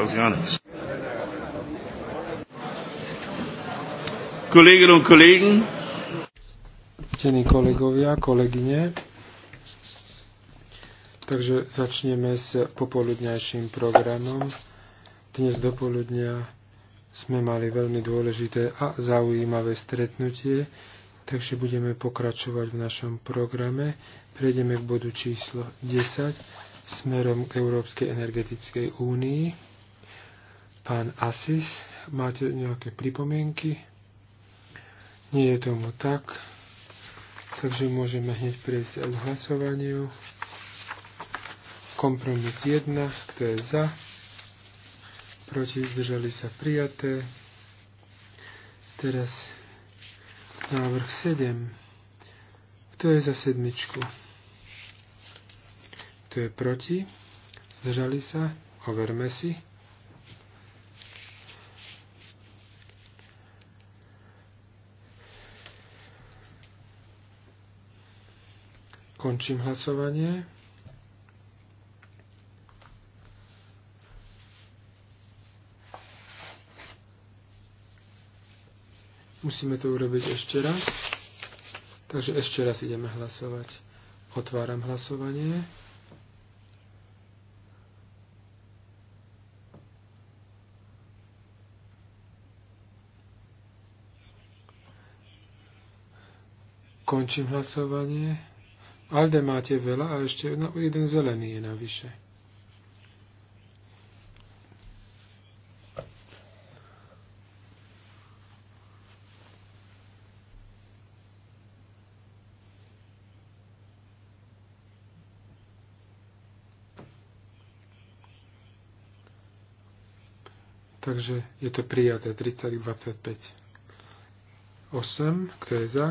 Oceanics. Kolleginnen und Kollegen, ctení kolegovia, kolegyne. Takže začneme s popoludňajším programom. Dnes do poludnia sme mali veľmi dôležité a zaujímavé stretnutie, takže budeme pokračovať v našom programe. Prejdeme k bodu číslo 10 smerom k Európskej energetickej únii. Pán Asis, máte nejaké pripomienky? Nie je tomu tak. Takže môžeme hneď prejsť k hlasovaniu. Kompromis 1, kto je za? Proti zdržali sa prijaté. Teraz návrh 7. Kto je za sedmičku? Kto je proti? Zdržali sa? Overme si. Končím hlasovanie. Musíme to urobiť ešte raz. Takže ešte raz ideme hlasovať. Otváram hlasovanie. Končím hlasovanie. Alde máte veľa a ešte no, jeden zelený je navyše. Takže je to prijaté 30 25. 8, kto je za?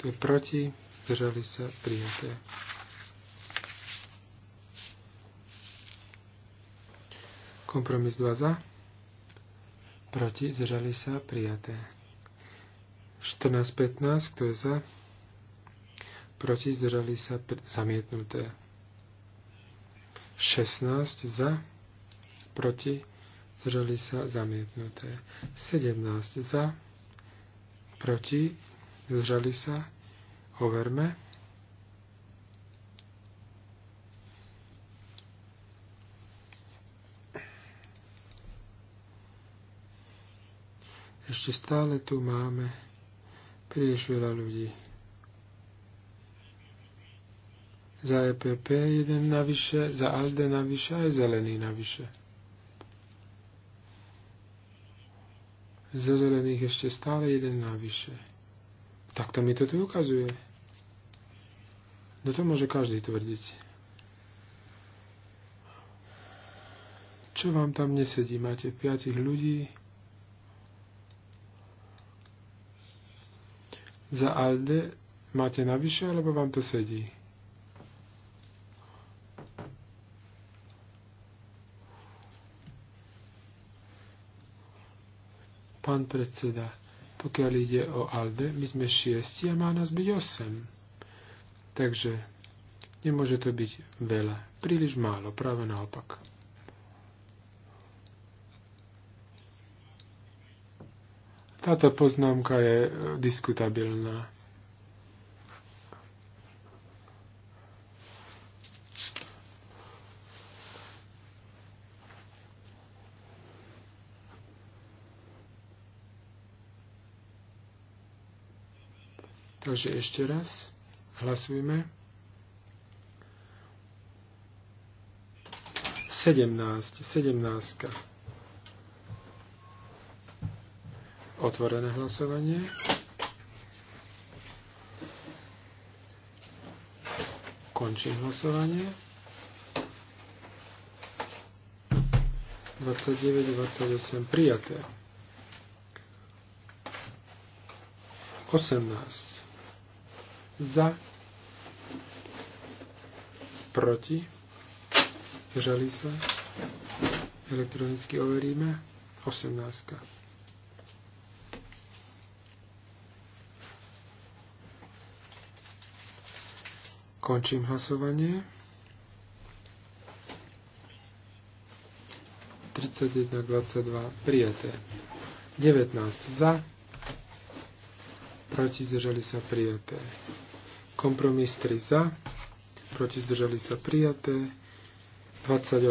Kto je proti? Zdržali sa prijaté. Kompromis 2 za. Proti zdržali sa prijaté. 14.15, kto je za? Proti zdržali sa zamietnuté. 16 za. Proti zdržali sa zamietnuté. 17 za. Proti zdržali sa, overme. Ešte stále tu máme príliš veľa ľudí. Za EPP jeden navyše, za ALDE navyše, aj zelený navyše. Za zelených ešte stále jeden navyše. Tak to mi to tu ukazuje. No to môže každý tvrdiť. Čo vám tam nesedí? Máte piatich ľudí. Za Alde máte navyše, alebo vám to sedí? Pán predseda, pokiaľ ide o ALDE, my sme šiesti a má nás byť osem. Takže nemôže to byť veľa, príliš málo, práve naopak. Táto poznámka je diskutabilná. Takže ešte raz hlasujme. 17, 17. Otvorené hlasovanie. Končím hlasovanie. 29, 28 prijaté. 18 za, proti, zdržali sa, elektronicky overíme, 18. Končím hlasovanie. 31, 22 prijaté. 19 za, proti zdržali sa prijaté. Kompromis 3 za, proti zdržali sa prijaté. 28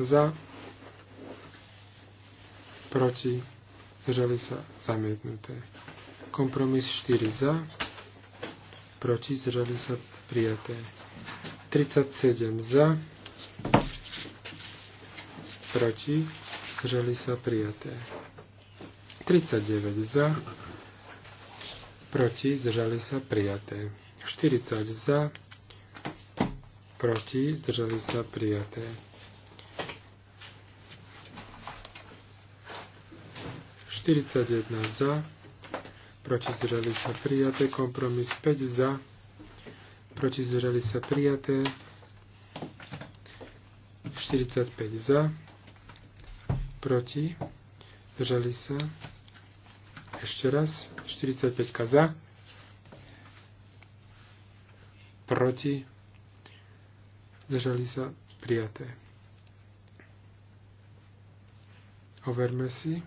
za, proti zdržali sa zamietnuté. Kompromis 4 za, proti zdržali sa prijaté. 37 za, proti zdržali sa prijaté. 39 za, proti zdržali sa prijaté. 40 za, proti, zdržali sa prijaté. Štyridsať za, proti zdržali sa prijaté, kompromis 5 za, proti zdržali sa prijaté, 45 za, proti, zdržali sa, ešte raz, 45 za, proti, zdržali sa prijaté. Overme si.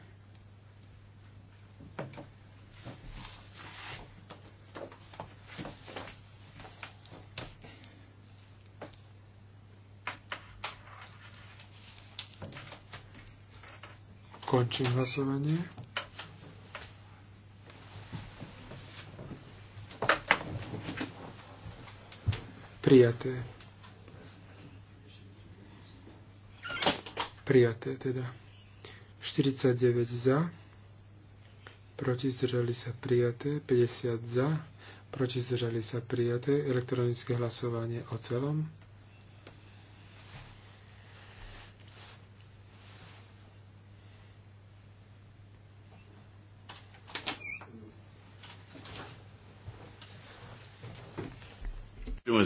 Končím hlasovanie. Prijaté. Prijaté teda. 49 za, proti zdržali sa prijaté, 50 za, proti zdržali sa prijaté, elektronické hlasovanie o celom.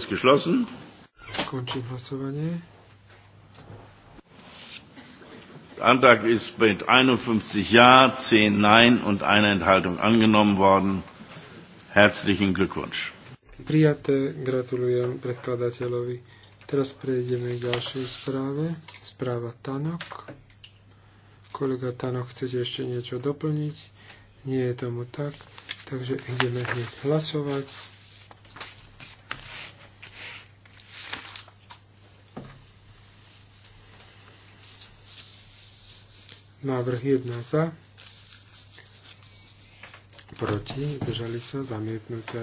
ist geschlossen. Der Antrag ist mit 51 Ja, 10 Nein und einer Enthaltung angenommen worden. Herzlichen Glückwunsch. Prijaté, gratulujem predkladateľovi. Teraz prejdeme k ďalšej správe. Správa Tanok. Kolega Tanok, chcete ešte niečo doplniť? Nie je tomu tak, takže ideme hneď hlasovať. Návrh 1 za. Proti. Zdržali sa. Zamietnuté.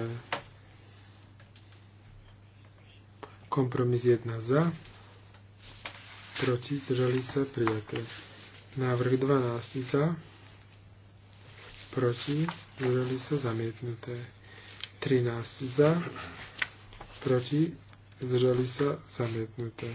Kompromis 1 za. Proti. Zdržali sa. Prijaté. Návrh 12 za. Proti. Zdržali sa. Zamietnuté. 13 za. Proti. Zdržali sa. Zamietnuté.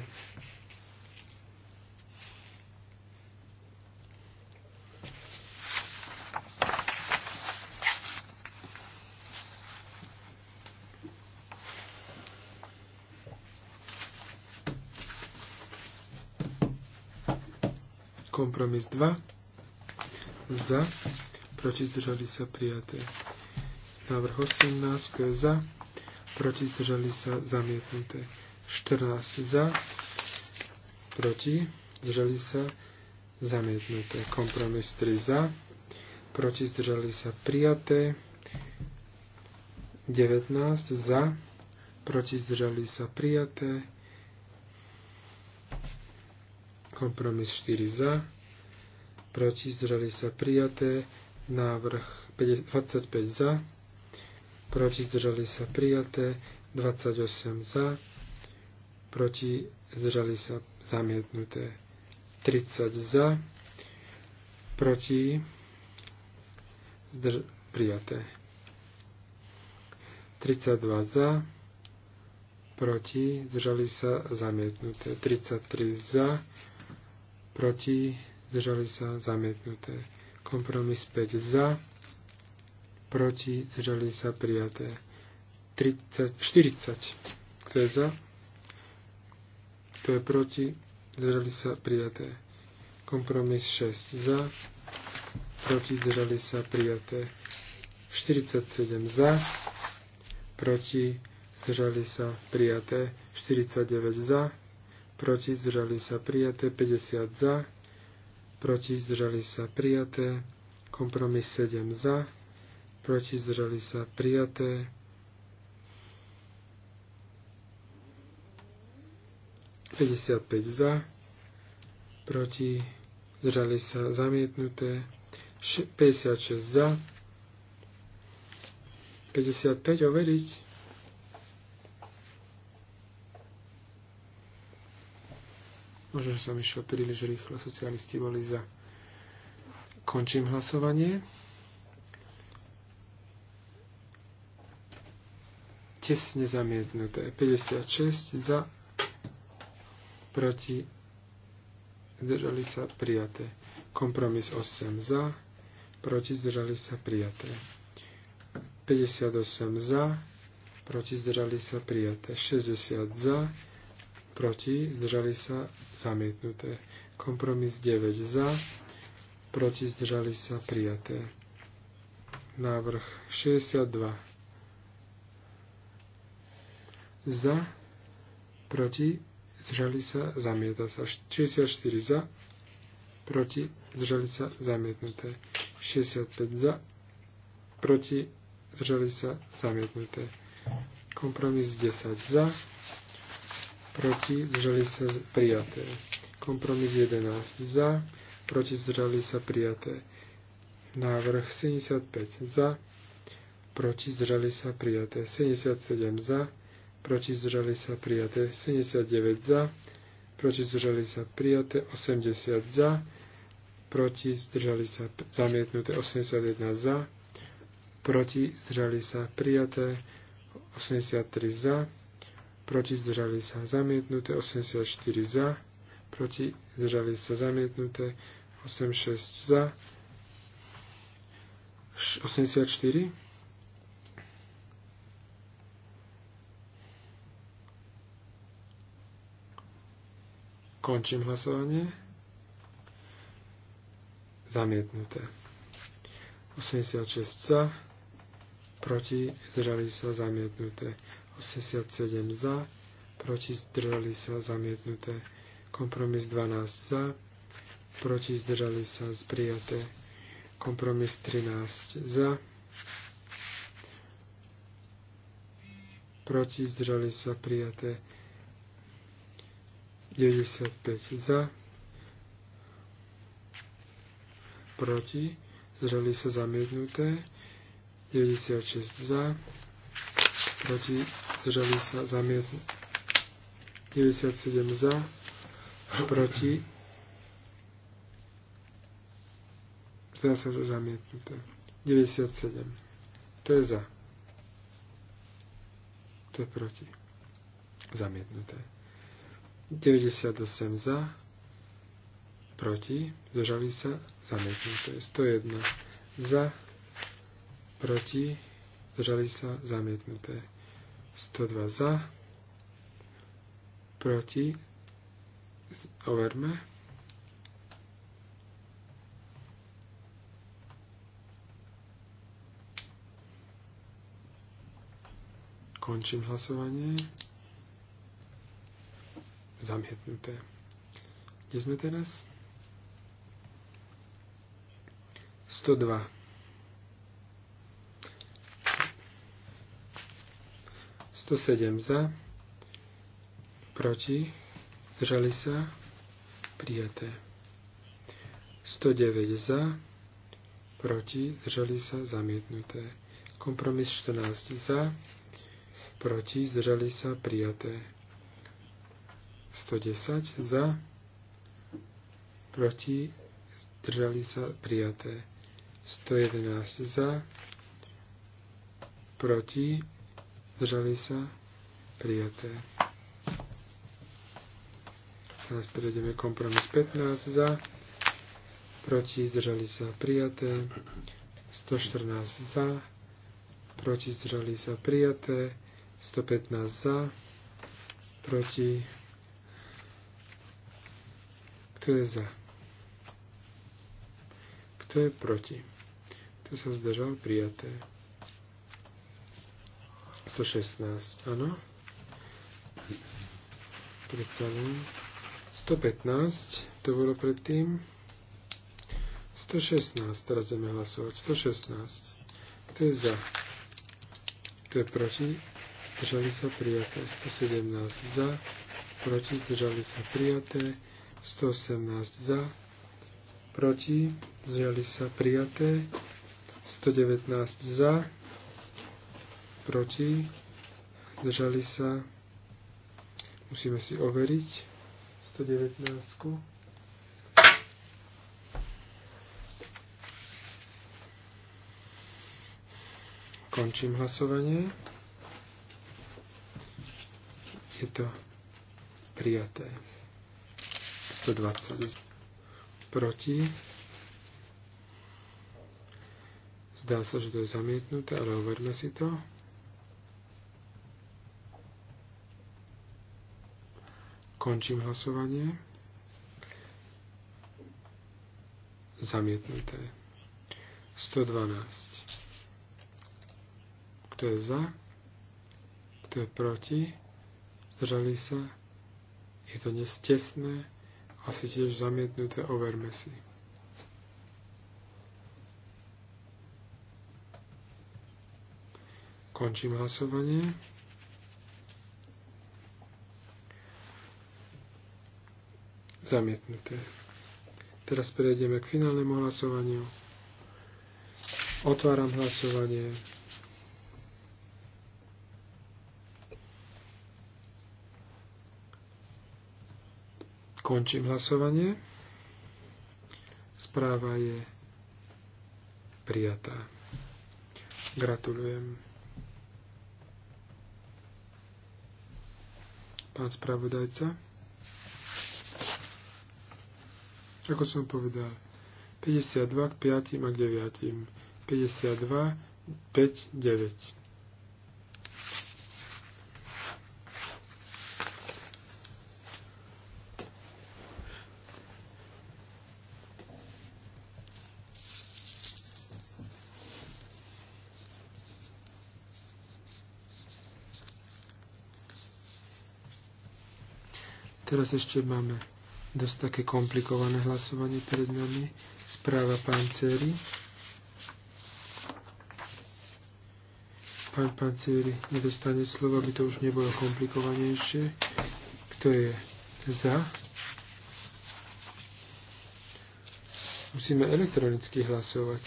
Kompromis 2. Za. Proti zdržali sa prijaté. Návrh 18. je za? Proti zdržali sa zamietnuté. 14 za. Proti zdržali sa zamietnuté. Kompromis 3 za. Proti zdržali sa prijaté. 19 za. Proti zdržali sa prijaté. Kompromis 4 za. Proti zdržali sa prijaté. Návrh 25 za. Proti zdržali sa prijaté. 28 za. Proti zdržali sa zamietnuté. 30 za. Proti zdrž- prijaté. 32 za, proti, zdržali sa zamietnuté. 33 za, proti, zdržali sa zamietnuté. Kompromis 5 za, proti, zdržali sa prijaté. 30, 40, kto je za, kto je proti, zdržali sa prijaté. Kompromis 6 za, proti, zdržali sa prijaté. 47 za, proti, zdržali sa prijaté. 49 za, proti zdržali sa prijaté, 50 za, proti zdržali sa prijaté, kompromis 7 za, proti zdržali sa prijaté, 55 za, proti zdržali sa zamietnuté, 56 za, 55 overiť, Možno, že som išiel príliš rýchlo, socialisti boli za. Končím hlasovanie. Tesne zamietnuté. 56 za, proti, zdržali sa prijaté. Kompromis 8 za, proti, zdržali sa prijaté. 58 za, proti, zdržali sa prijaté. 60 za, proti, zdržali sa, zamietnuté. Kompromis 9 za, proti, zdržali sa, prijaté. Návrh 62 za, proti, zdržali sa, zamieta sa. 64 za, proti, zdržali sa, zamietnuté. 65 za, proti, zdržali sa, zamietnuté. Kompromis 10 za, proti, zdržali sa prijaté. Kompromis 11 za, proti, zdržali sa prijaté. Návrh 75 za, proti, zdržali sa prijaté. 77 za, proti, zdržali sa prijaté. 79 za, proti, zdržali sa prijaté. 80 za, proti, zdržali sa zamietnuté. 81 za, proti, zdržali sa prijaté. 83 za, proti zdržali sa zamietnuté, 84 za, proti zdržali sa zamietnuté, 86 za, 84 Končím hlasovanie. Zamietnuté. 86 za, proti zdržali sa zamietnuté. 87 za, proti zdržali sa zamietnuté. Kompromis 12 za, proti zdržali sa prijaté. Kompromis 13 za, proti zdržali sa prijaté. 95 za, proti, zdržali sa zamietnuté, 96 za, proti, zdržali sa zamietnú. 97 za, proti, zdá sa, že zamietnuté. 97. To je za. To je proti. Zamietnuté. 98 za, proti, zdržali sa, zamietnuté. 101 za, proti, zdržali sa, zamietnuté. 102 za, proti, overme. Končím hlasovanie. Zamietnuté. Kde sme teraz? 102 107 za, proti, zdržali sa, prijaté. 109 za, proti, zdržali sa, zamietnuté. Kompromis 14 za, proti, zdržali sa, prijaté. 110 za, proti, zdržali sa, prijaté. 111 za, proti, zdržali sa, prijaté. Teraz prejdeme kompromis 15 za, proti, zdržali sa, prijaté. 114 za, proti, zdržali sa, prijaté. 115 za, proti, kto je za, kto je proti, kto sa zdržal, prijaté. 116, áno. Predsa len. 115, to bolo predtým. 116, teraz ideme hlasovať. 116. Kto je za? Kto je proti? Zdržali sa prijaté. 117 za. Proti zdržali sa prijaté. 118 za. Proti zdržali sa prijaté. 119 za proti, držali sa, musíme si overiť, 119. Končím hlasovanie. Je to prijaté. 120 proti. Zdá sa, že to je zamietnuté, ale overme si to. Končím hlasovanie. Zamietnuté. 112. Kto je za? Kto je proti? Zdržali sa? Je to nestesné? Asi tiež zamietnuté. Overme si. Končím hlasovanie. Zamietnuté. Teraz prejdeme k finálnemu hlasovaniu. Otváram hlasovanie. Končím hlasovanie. Správa je prijatá. Gratulujem. Pán spravodajca. Ako som povedal, 52 k 5 a k 9. 52, 5, 9. Teraz ešte máme dosť také komplikované hlasovanie pred nami. Správa Panceri. Pán Panceri nedostane slovo, aby to už nebolo komplikovanejšie. Kto je za? Musíme elektronicky hlasovať.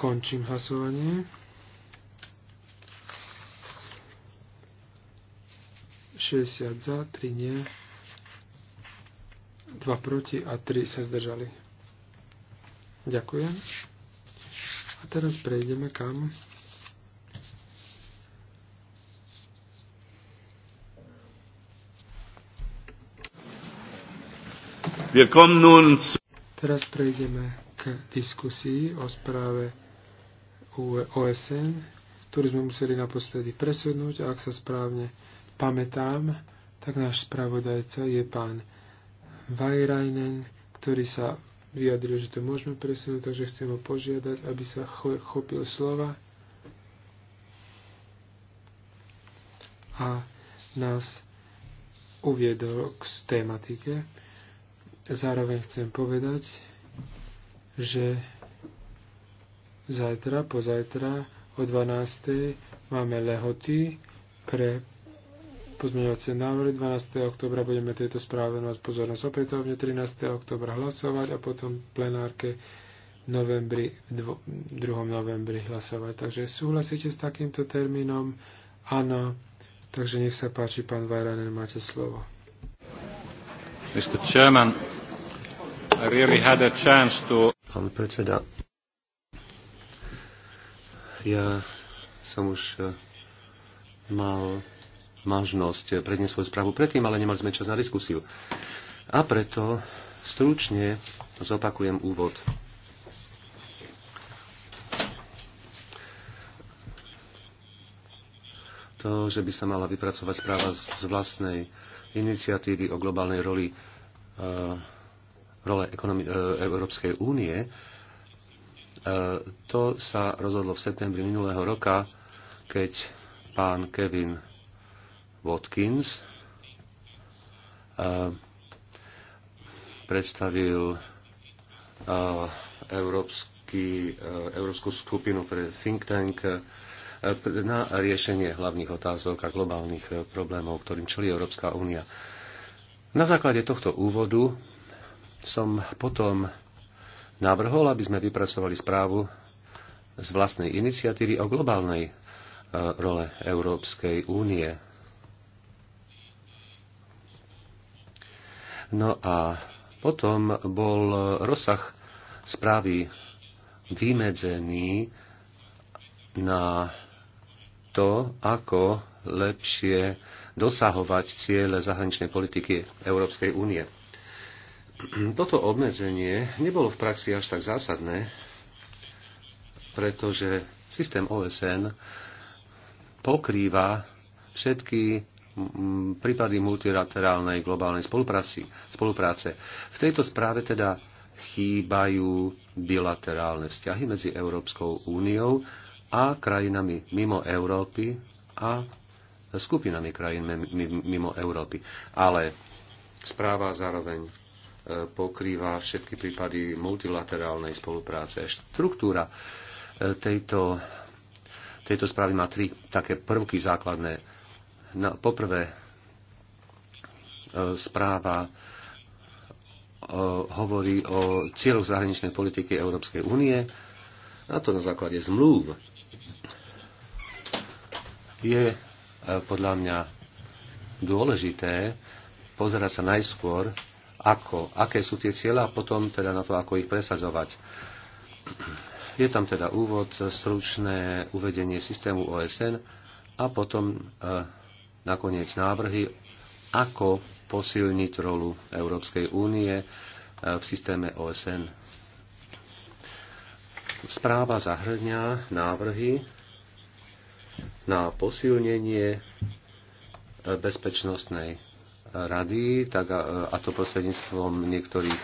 Končím hlasovanie. 60 za, 3 nie, 2 proti a 3 sa zdržali. Ďakujem. A teraz prejdeme kam? Teraz prejdeme k diskusii o správe OSN, ktorú sme museli naposledy presunúť, a ak sa správne pamätám, tak náš spravodajca je pán Vajrajnen, ktorý sa vyjadril, že to môžeme presunúť, takže chcem ho požiadať, aby sa chopil slova a nás uviedol k tématike. Zároveň chcem povedať, že zajtra, pozajtra o 12.00 máme lehoty pre pozmeňovacie návrhy. 12. oktobra budeme tejto správe venovať pozornosť opätovne, 13. oktobra hlasovať a potom plenárke v novembri, 2. novembri hlasovať. Takže súhlasíte s takýmto termínom? Áno. Takže nech sa páči, pán Vajranen, máte slovo. Mr. Chairman, I really had a chance to... Pán predseda, ja som už eh, mal možnosť predniesť svoju správu predtým, ale nemali sme čas na diskusiu. A preto stručne zopakujem úvod. To, že by sa mala vypracovať správa z vlastnej iniciatívy o globálnej roli, eh, role ekonomi- eh, Európskej únie, eh, to sa rozhodlo v septembri minulého roka, keď pán Kevin Watkins e, predstavil e, Európsky, e, Európsku skupinu pre think tank na riešenie hlavných otázok a globálnych problémov, ktorým čelí Európska únia. Na základe tohto úvodu som potom navrhol, aby sme vypracovali správu z vlastnej iniciatívy o globálnej role Európskej únie No a potom bol rozsah správy vymedzený na to, ako lepšie dosahovať ciele zahraničnej politiky Európskej únie. Toto obmedzenie nebolo v praxi až tak zásadné, pretože systém OSN pokrýva všetky prípady multilaterálnej globálnej spolupráci, spolupráce. V tejto správe teda chýbajú bilaterálne vzťahy medzi Európskou úniou a krajinami mimo Európy a skupinami krajín mimo Európy. Ale správa zároveň e, pokrýva všetky prípady multilaterálnej spolupráce. Štruktúra e, tejto, tejto správy má tri také prvky základné na, no, poprvé, e, správa e, hovorí o cieľoch zahraničnej politiky Európskej únie, a to na základe zmluv. Je e, podľa mňa dôležité pozerať sa najskôr, ako, aké sú tie cieľa a potom teda na to, ako ich presadzovať. Je tam teda úvod, stručné uvedenie systému OSN a potom nakoniec návrhy, ako posilniť rolu Európskej únie eh, v systéme OSN. Správa zahrňa návrhy na posilnenie eh, bezpečnostnej rady, tak a, eh, a to prostredníctvom niektorých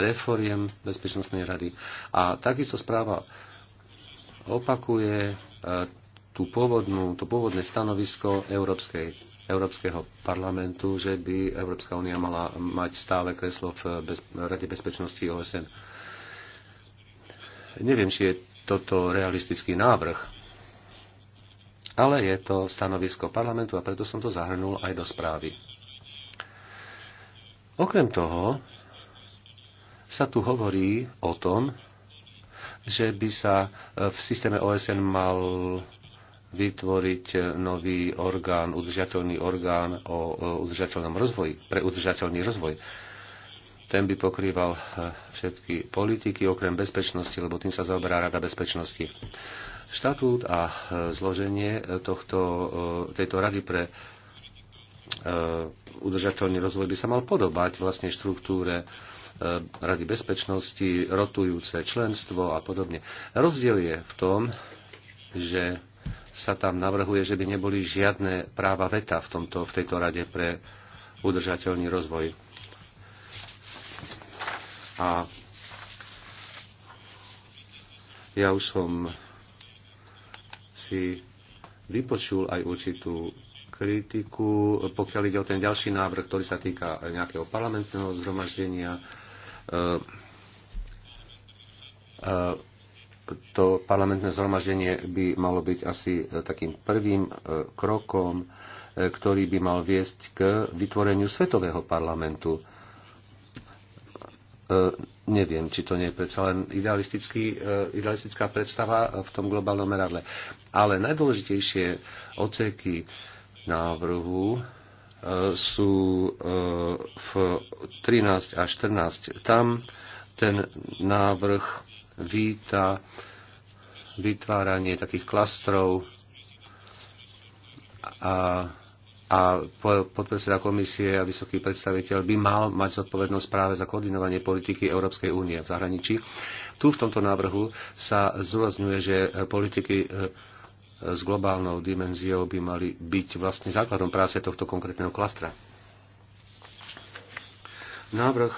reforiem Bezpečnostnej rady. A takisto správa opakuje tú pôvodnú, to pôvodné stanovisko Európskej, Európskeho parlamentu, že by Európska únia mala mať stále kreslo v bez, Rade bezpečnosti OSN. Neviem, či je toto realistický návrh, ale je to stanovisko parlamentu a preto som to zahrnul aj do správy. Okrem toho sa tu hovorí o tom, že by sa v systéme OSN mal vytvoriť e, nový orgán, udržateľný orgán o e, udržateľnom rozvoji, pre udržateľný rozvoj. Ten by pokrýval e, všetky politiky okrem bezpečnosti, lebo tým sa zaoberá Rada bezpečnosti. Štatút a zloženie tohto, tejto rady pre udržateľný rozvoj by sa mal podobať vlastne štruktúre Rady bezpečnosti, rotujúce členstvo a podobne. Rozdiel je v tom, že sa tam navrhuje, že by neboli žiadne práva veta v, tomto, v tejto rade pre udržateľný rozvoj. A ja už som si vypočul aj určitú kritiku, pokiaľ ide o ten ďalší návrh, ktorý sa týka nejakého parlamentného zhromaždenia. E, e, to parlamentné zhromaždenie by malo byť asi e, takým prvým e, krokom, e, ktorý by mal viesť k vytvoreniu svetového parlamentu. Neviem, či to nie je predsa len idealistická predstava v tom globálnom meradle. Ale najdôležitejšie oceky návrhu sú v 13 a 14. Tam ten návrh víta vytváranie takých klastrov a, a podpredseda komisie a vysoký predstaviteľ by mal mať zodpovednosť práve za koordinovanie politiky Európskej únie v zahraničí. Tu v tomto návrhu sa zdôrazňuje, že politiky e, s globálnou dimenziou by mali byť vlastne základom práce tohto konkrétneho klastra. Návrh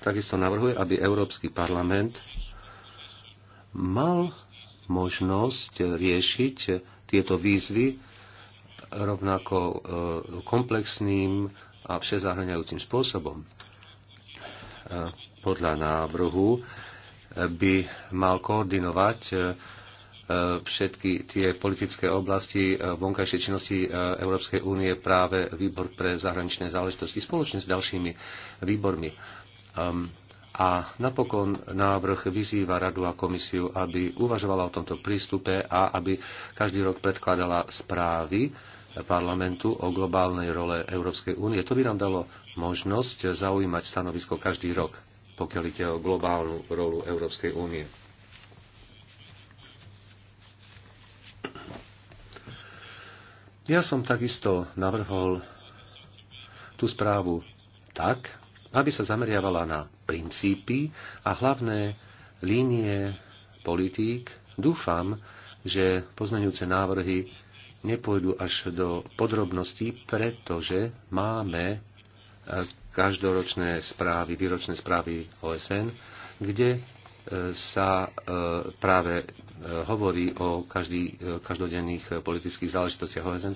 takisto navrhuje, aby Európsky parlament mal možnosť riešiť tieto výzvy rovnako e, komplexným a všezahraniajúcim spôsobom. E, podľa návrhu e, by mal koordinovať všetky tie politické oblasti vonkajšej činnosti Európskej únie práve výbor pre zahraničné záležitosti spoločne s ďalšími výbormi. Ehm, a napokon návrh vyzýva Radu a komisiu, aby uvažovala o tomto prístupe a aby každý rok predkladala správy parlamentu o globálnej role Európskej únie. To by nám dalo možnosť zaujímať stanovisko každý rok, pokiaľ ide o globálnu rolu Európskej únie. Ja som takisto navrhol tú správu tak, aby sa zameriavala na princípy a hlavné línie politík. Dúfam, že pozmeňujúce návrhy nepôjdu až do podrobností, pretože máme e, každoročné správy, výročné správy OSN, kde e, sa e, práve hovorí o každý, každodenných politických záležitostiach OSN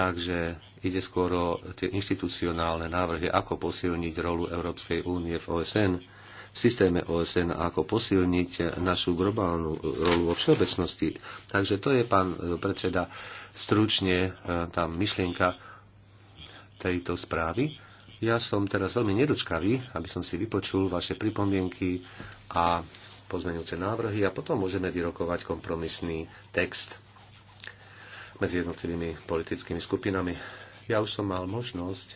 Takže ide skôr o tie inštitucionálne návrhy, ako posilniť rolu Európskej únie v OSN, v systéme OSN, ako posilniť našu globálnu rolu vo všeobecnosti. Takže to je, pán e, predseda, stručne e, tá myšlienka tejto správy. Ja som teraz veľmi nedočkavý, aby som si vypočul vaše pripomienky a pozmeňujúce návrhy a potom môžeme vyrokovať kompromisný text medzi jednotlivými politickými skupinami. Ja už som mal možnosť e,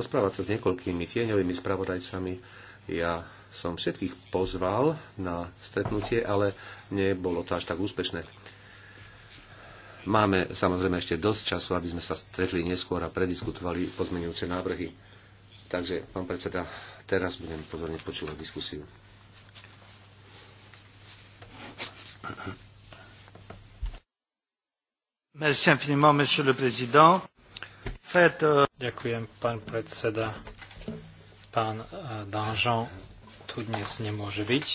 rozprávať sa s niekoľkými tieňovými spravodajcami. Ja som všetkých pozval na stretnutie, ale nebolo to až tak úspešné. Máme samozrejme ešte dosť času, aby sme sa stretli neskôr a prediskutovali pozmenujúce návrhy. Takže, pán predseda, teraz budem pozorne počúvať diskusiu. Euh, Ďakujem, pán predseda. Pán eh, Danžon tu dnes nemôže byť.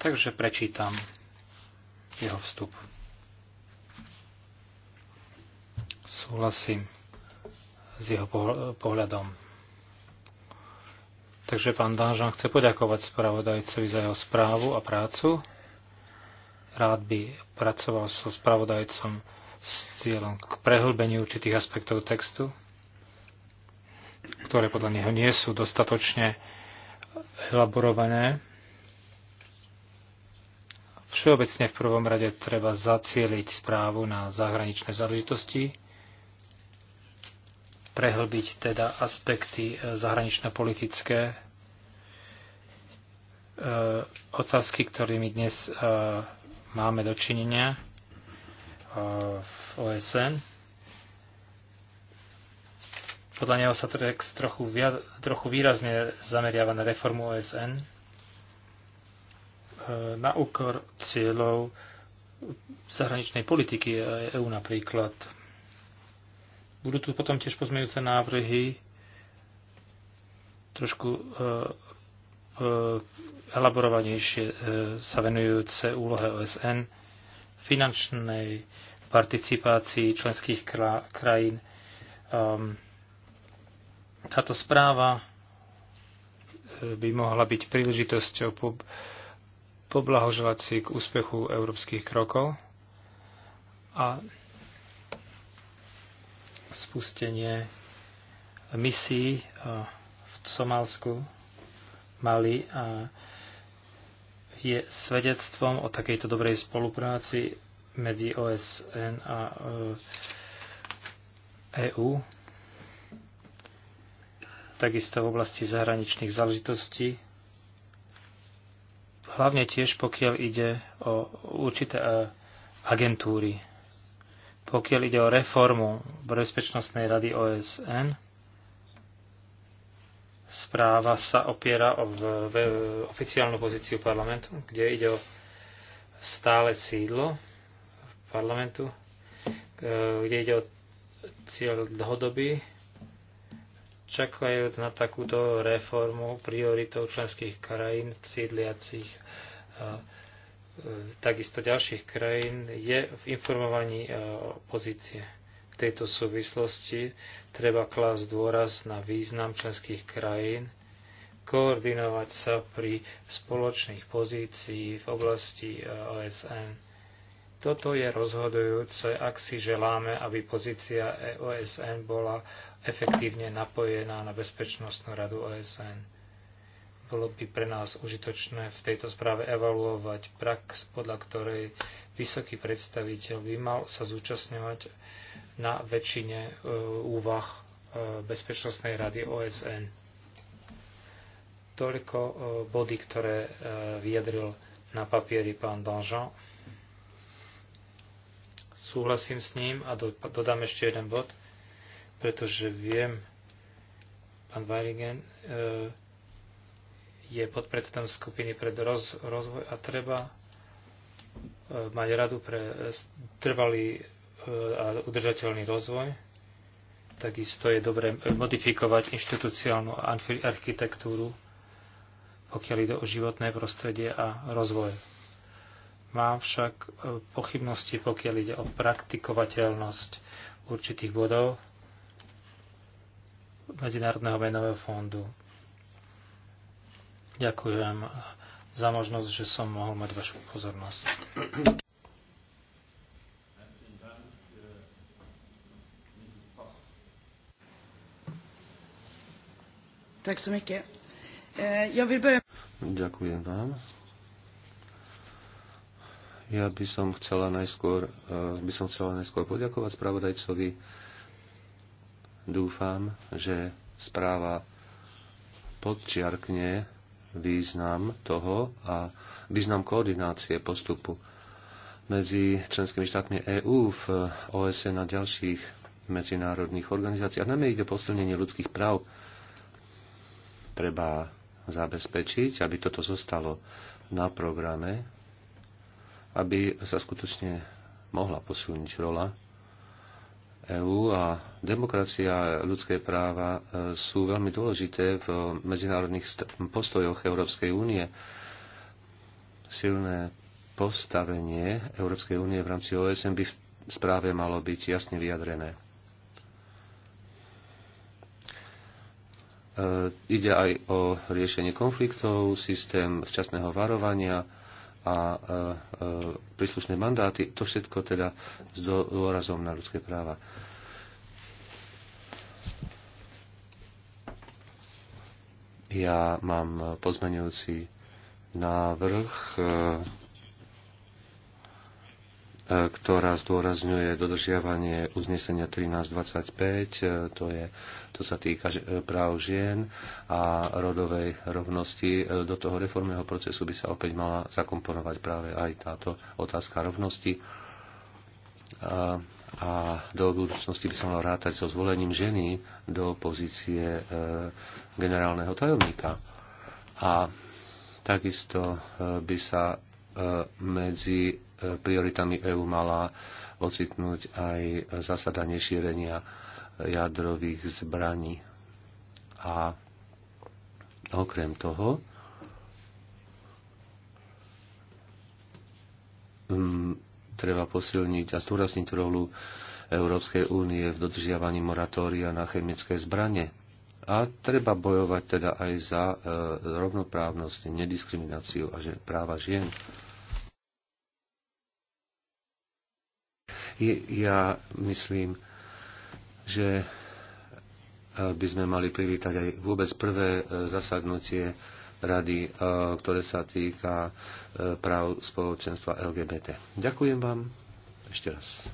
Takže prečítam jeho vstup. Súhlasím s jeho pohľadom. Takže pán Danžan chce poďakovať spravodajcovi za jeho správu a prácu rád by pracoval so spravodajcom s cieľom k prehlbeniu určitých aspektov textu, ktoré podľa neho nie sú dostatočne elaborované. Všeobecne v prvom rade treba zacieliť správu na zahraničné záležitosti, prehlbiť teda aspekty e, zahranično-politické, e, otázky, ktorými dnes e, máme dočinenia uh, v OSN. Podľa neho sa text trochu, viac, trochu výrazne zameriava na reformu OSN uh, na úkor cieľov zahraničnej politiky EÚ napríklad. Budú tu potom tiež pozmejúce návrhy trošku uh, E, elaborovanejšie e, sa venujúce úlohe OSN, finančnej participácii členských krajín. Ehm, táto správa e, by mohla byť príležitosťou poblahoželať si k úspechu európskych krokov a spustenie misií v Somálsku Mali a je svedectvom o takejto dobrej spolupráci medzi OSN a EÚ. E Takisto v oblasti zahraničných záležitostí. Hlavne tiež pokiaľ ide o určité e, agentúry. Pokiaľ ide o reformu Bezpečnostnej rady OSN, Správa sa opiera o v, v, oficiálnu pozíciu parlamentu, kde ide o stále sídlo parlamentu, e, kde ide o cieľ dlhodobý, čakajúc na takúto reformu prioritou členských krajín sídliacich e, takisto ďalších krajín je v informovaní e, pozície tejto súvislosti treba klásť dôraz na význam členských krajín, koordinovať sa pri spoločných pozícií v oblasti e, OSN. Toto je rozhodujúce, ak si želáme, aby pozícia e, OSN bola efektívne napojená na Bezpečnostnú radu OSN. Bolo by pre nás užitočné v tejto správe evaluovať prax, podľa ktorej vysoký predstaviteľ by mal sa zúčastňovať na väčšine e, úvah e, Bezpečnostnej rady OSN. Toľko e, body, ktoré vyjadril na papieri pán Danjean. Súhlasím s ním a dodám ešte jeden bod, pretože viem, pán Weiringen je podpredsedom skupiny pre roz, rozvoj a treba mať radu pre trvalý a udržateľný rozvoj. Takisto je dobré modifikovať inštitucionálnu architektúru, pokiaľ ide o životné prostredie a rozvoj. Mám však e, pochybnosti, pokiaľ ide o praktikovateľnosť určitých bodov Medzinárodného menového fondu. Ďakujem za možnosť, že som mohol mať vašu pozornosť. så mycket. Eh, jag vill börja... Ďakujem vám. Ja by som chcela najskôr, eh, by som chcela najskôr poďakovať spravodajcovi. Dúfam, že správa podčiarkne význam toho a význam koordinácie postupu medzi členskými štátmi EÚ v OSN e a ďalších medzinárodných organizáciách. Najmä ide posilnenie ľudských práv treba zabezpečiť, aby toto zostalo na programe, aby sa skutočne mohla posilniť rola EÚ a demokracia a ľudské práva e, sú veľmi dôležité v medzinárodných postojoch Európskej únie. Silné postavenie Európskej únie v rámci OSN by v správe malo byť jasne vyjadrené. E, ide aj o riešenie konfliktov, systém včasného varovania a e, e, príslušné mandáty. To všetko teda s dôrazom na ľudské práva. Ja mám pozmenujúci návrh E, ktorá zdôrazňuje dodržiavanie uznesenia 1325, e, to, je, to sa týka e, práv žien a rodovej rovnosti. Do toho reformného procesu by sa opäť mala zakomponovať práve aj táto otázka rovnosti. A, a do budúcnosti by sa malo rátať so zvolením ženy do pozície e, generálneho tajomníka. A takisto by sa medzi prioritami EÚ mala ocitnúť aj zasadanie šírenia jadrových zbraní. A okrem toho m, mm, treba posilniť a zdôrazniť rolu Európskej únie v dodržiavaní moratória na chemické zbranie. A treba bojovať teda aj za e, rovnoprávnosť, nediskrimináciu a že, práva žien. Ja myslím, že eh, by sme mali privítať aj vôbec prvé eh, zasadnutie rady, eh, ktoré sa týka práv spoločenstva LGBT. Ďakujem vám ešte raz.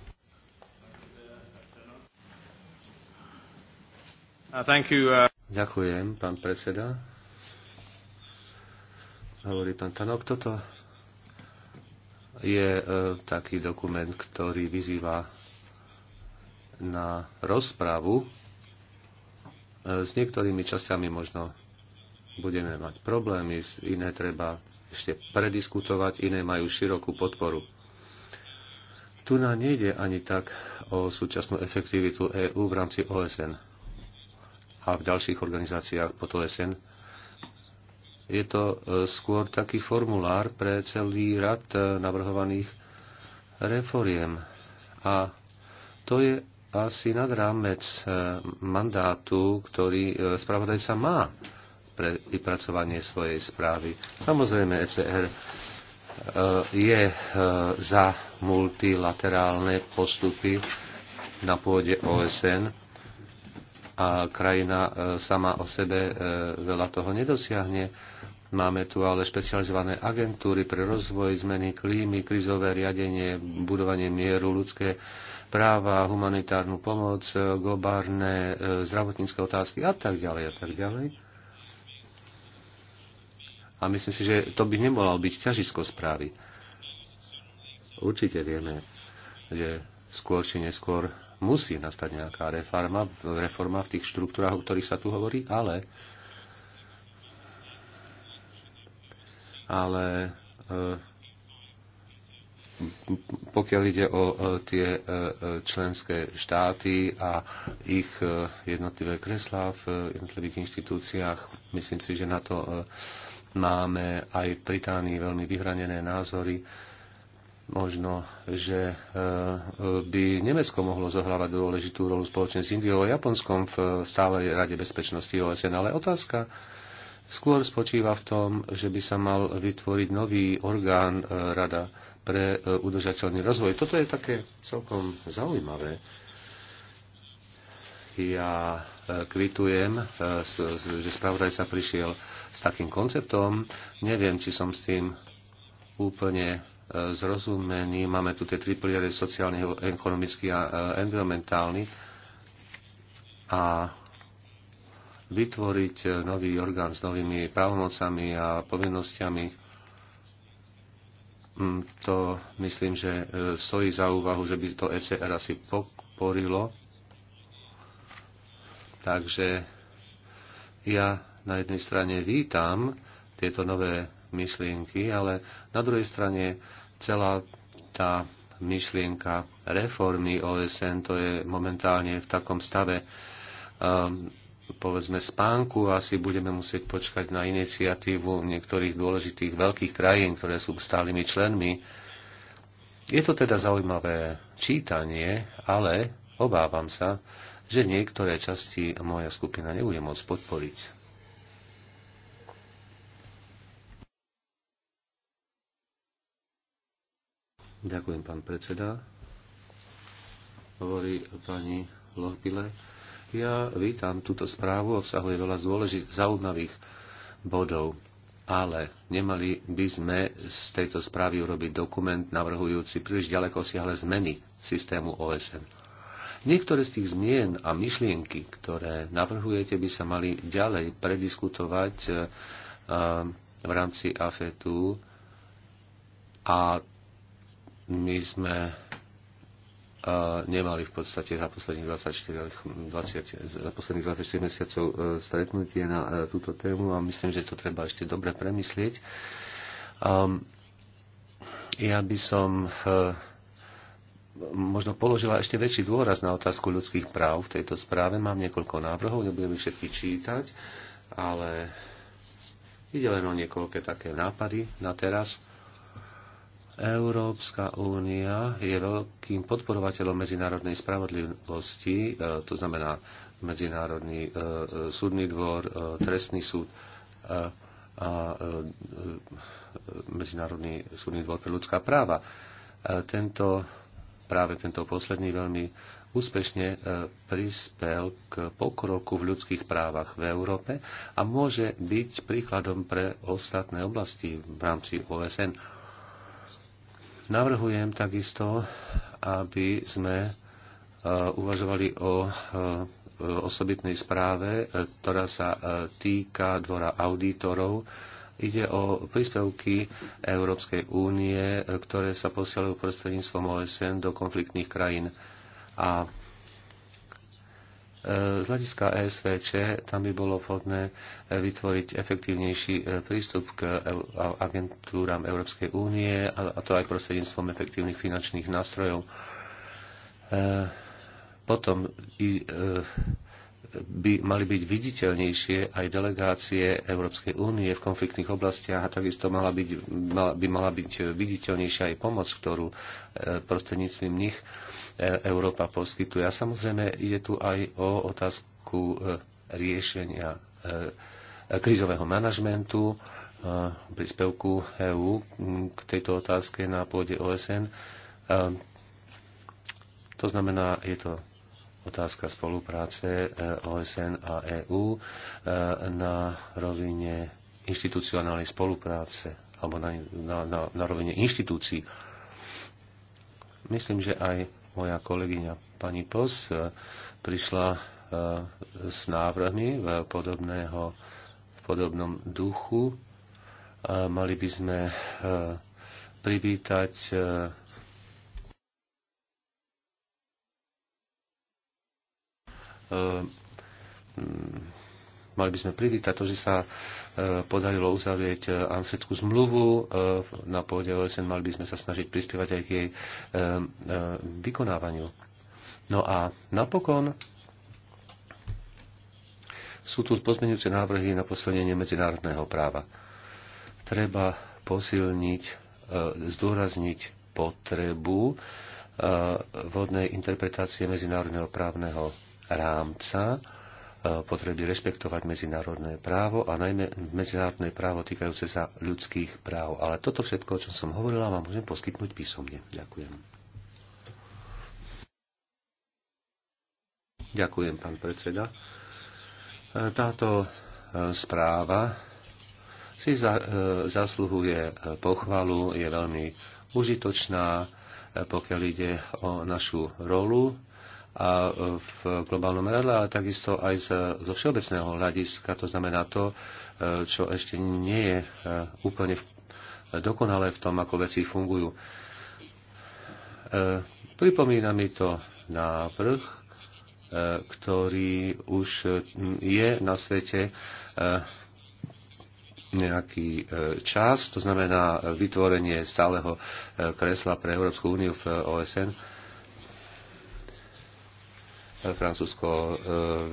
Uh, you, uh... Ďakujem, pán predseda. Hovorí pán Tanok, toto je e, taký dokument, ktorý vyzýva na rozpravu. E, s niektorými časťami možno budeme mať problémy, iné treba ešte prediskutovať, iné majú širokú podporu. Tu nám nejde ani tak o súčasnú efektivitu EÚ v rámci OSN a v ďalších organizáciách pod OSN je to e, skôr taký formulár pre celý rad e, navrhovaných reforiem. A to je asi nad rámec e, mandátu, ktorý spravodajca má pre vypracovanie svojej správy. Samozrejme, ECR je za multilaterálne postupy na pôde OSN a krajina sama o sebe veľa toho nedosiahne Máme tu ale špecializované agentúry pre rozvoj, zmeny klímy, krizové riadenie, budovanie mieru, ľudské práva, humanitárnu pomoc, e, globárne e, zdravotnícke otázky a tak ďalej a tak ďalej. A myslím si, že to by nemohlo byť ťažisko správy. Určite vieme, že skôr či neskôr musí nastať nejaká reforma, reforma v tých štruktúrách, o ktorých sa tu hovorí, ale ale e, pokiaľ ide o e, tie e, členské štáty a ich jednotlivé kreslá v jednotlivých inštitúciách, myslím si, že na to máme aj v Británii veľmi vyhranené názory. Možno, že by Nemecko mohlo zohrávať dôležitú rolu spoločne s Indiou a Japonskom v stálej Rade bezpečnosti OSN, ale otázka skôr spočíva v tom, že by sa mal vytvoriť nový orgán e, Rada pre e, udržateľný rozvoj. Toto je také celkom zaujímavé. Ja e, kvitujem, že spravodajca prišiel s takým konceptom. Neviem, či som s tým úplne zrozumený. Máme tu tie tri piliere sociálny, ekonomický a environmentálny. A vytvoriť e, nový orgán s novými právomocami a povinnosťami. Mm, to myslím, že e, stojí za úvahu, že by to ECR asi poporilo. Takže ja na jednej strane vítam tieto nové myšlienky, ale na druhej strane celá tá myšlienka reformy OSN, to je momentálne v takom stave, um, povedzme spánku a asi budeme musieť počkať na iniciatívu niektorých dôležitých veľkých krajín, ktoré sú stálymi členmi. Je to teda zaujímavé čítanie, ale obávam sa, že niektoré časti moja skupina nebude môcť podporiť. Ďakujem, pán predseda. Hovorí pani Lohbile. Ja vítam túto správu, obsahuje veľa zôležitých zaujímavých bodov, ale nemali by sme z tejto správy urobiť dokument navrhujúci príliš ďaleko siahle zmeny systému OSN. Niektoré z tých zmien a myšlienky, ktoré navrhujete, by sa mali ďalej prediskutovať e, e, v rámci AFETu a my sme nemali v podstate za posledných 24, 20, za posledných 24 mesiacov e, stretnutie na e, túto tému a myslím, že to treba ešte dobre premyslieť. Um, ja by som uh, možno položila ešte väčší dôraz na otázku ľudských práv v tejto správe. Mám niekoľko návrhov, nebudem ich všetky čítať, ale ide len o niekoľké také nápady na teraz. Európska únia je veľkým podporovateľom medzinárodnej spravodlivosti, e, to znamená Medzinárodný e, súdny dvor, e, trestný súd a Medzinárodný súdny dvor pre ľudská práva. Tento, práve tento posledný veľmi úspešne prispel k pokroku v ľudských právach v Európe a môže byť príkladom pre ostatné oblasti v rámci OSN. Navrhujem takisto, aby sme e, uvažovali e, o osobitnej správe, e, ktorá sa týka dvora auditorov. Ide o príspevky Európskej únie, ktoré sa posielajú prostredníctvom OSN do konfliktných krajín. A z hľadiska ESVČ tam by bolo vhodné e, vytvoriť efektívnejší e, prístup k e, agentúram Európskej únie, a to aj prostredníctvom efektívnych finančných nástrojov. Potom by mali byť viditeľnejšie aj delegácie Európskej únie v konfliktných oblastiach a takisto mala byť, mala, by mala byť viditeľnejšia aj pomoc, ktorú prostredníctvím nich E, Európa poskytuje. A samozrejme ide tu aj o otázku e, riešenia e, krízového manažmentu, príspevku EÚ k tejto otázke na pôde OSN. To znamená, je to otázka spolupráce OSN a EÚ na rovine inštitucionálnej spolupráce alebo na, na, na, na rovine inštitúcií. Myslím, že aj moja kolegyňa pani Pos e, prišla e, s návrhmi v, podobného, v podobnom duchu. E, mali by sme privítať mali by sme privítať to, že sa Eh, podarilo uzavrieť eh, Amsterdamskú zmluvu eh, na pôde OSN, mali by sme sa snažiť prispievať aj k jej vykonávaniu. No a napokon sú tu pozmenujúce návrhy na posilnenie medzinárodného práva. Treba posilniť, zdôrazniť potrebu vodnej interpretácie medzinárodného právneho rámca, potreby rešpektovať medzinárodné právo a najmä medzinárodné právo týkajúce sa ľudských práv. Ale toto všetko, o čom som hovorila, vám môžem poskytnúť písomne. Ďakujem. Ďakujem, pán predseda. Táto e, správa si za, e, zasluhuje pochvalu, je veľmi užitočná, e, pokiaľ ide o našu rolu a e, v globálnom meradle, ale takisto aj z, zo všeobecného hľadiska, to znamená to, e, čo ešte nie je e, úplne dokonalé v tom, ako veci fungujú. Pripomína mi to návrh, ktorý už je na svete nejaký čas, to znamená vytvorenie stáleho kresla pre Európsku úniu v OSN Francúzsko, e,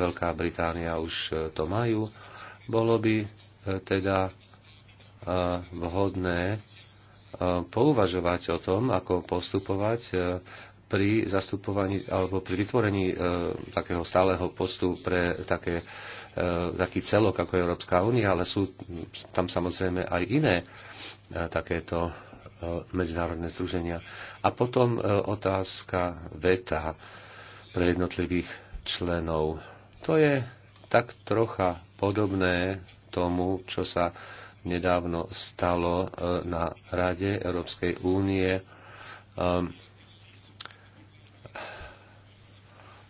Veľká Británia už e, to majú. Bolo by e, teda vhodné pouvažovať o tom, ako postupovať pri zastupovaní alebo pri vytvorení takého stáleho postu pre také, taký celok ako Európska únia, ale sú tam samozrejme aj iné takéto medzinárodné združenia. A potom otázka VETA pre jednotlivých členov. To je tak trocha podobné tomu, čo sa nedávno stalo e, na Rade Európskej únie. Ehm,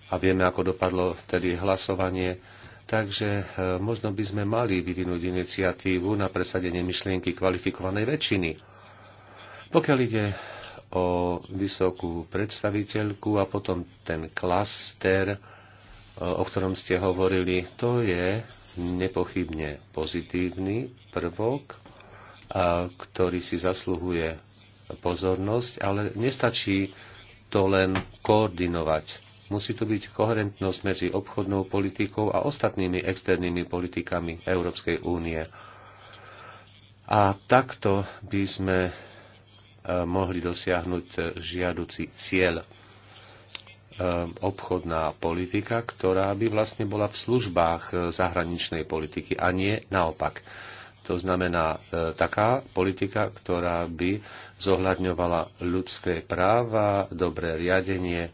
a vieme, ako dopadlo vtedy hlasovanie. Takže e, možno by sme mali vyvinúť iniciatívu na presadenie myšlienky kvalifikovanej väčšiny. Pokiaľ ide o vysokú predstaviteľku a potom ten klaster, o ktorom ste hovorili, to je nepochybne pozitívny prvok, ktorý si zasluhuje pozornosť, ale nestačí to len koordinovať. Musí tu byť koherentnosť medzi obchodnou politikou a ostatnými externými politikami Európskej únie. A takto by sme E, mohli dosiahnuť e, žiaduci cieľ. E, obchodná politika, ktorá by vlastne bola v službách zahraničnej politiky a nie naopak. To znamená taká politika, ktorá by zohľadňovala ľudské práva, dobré riadenie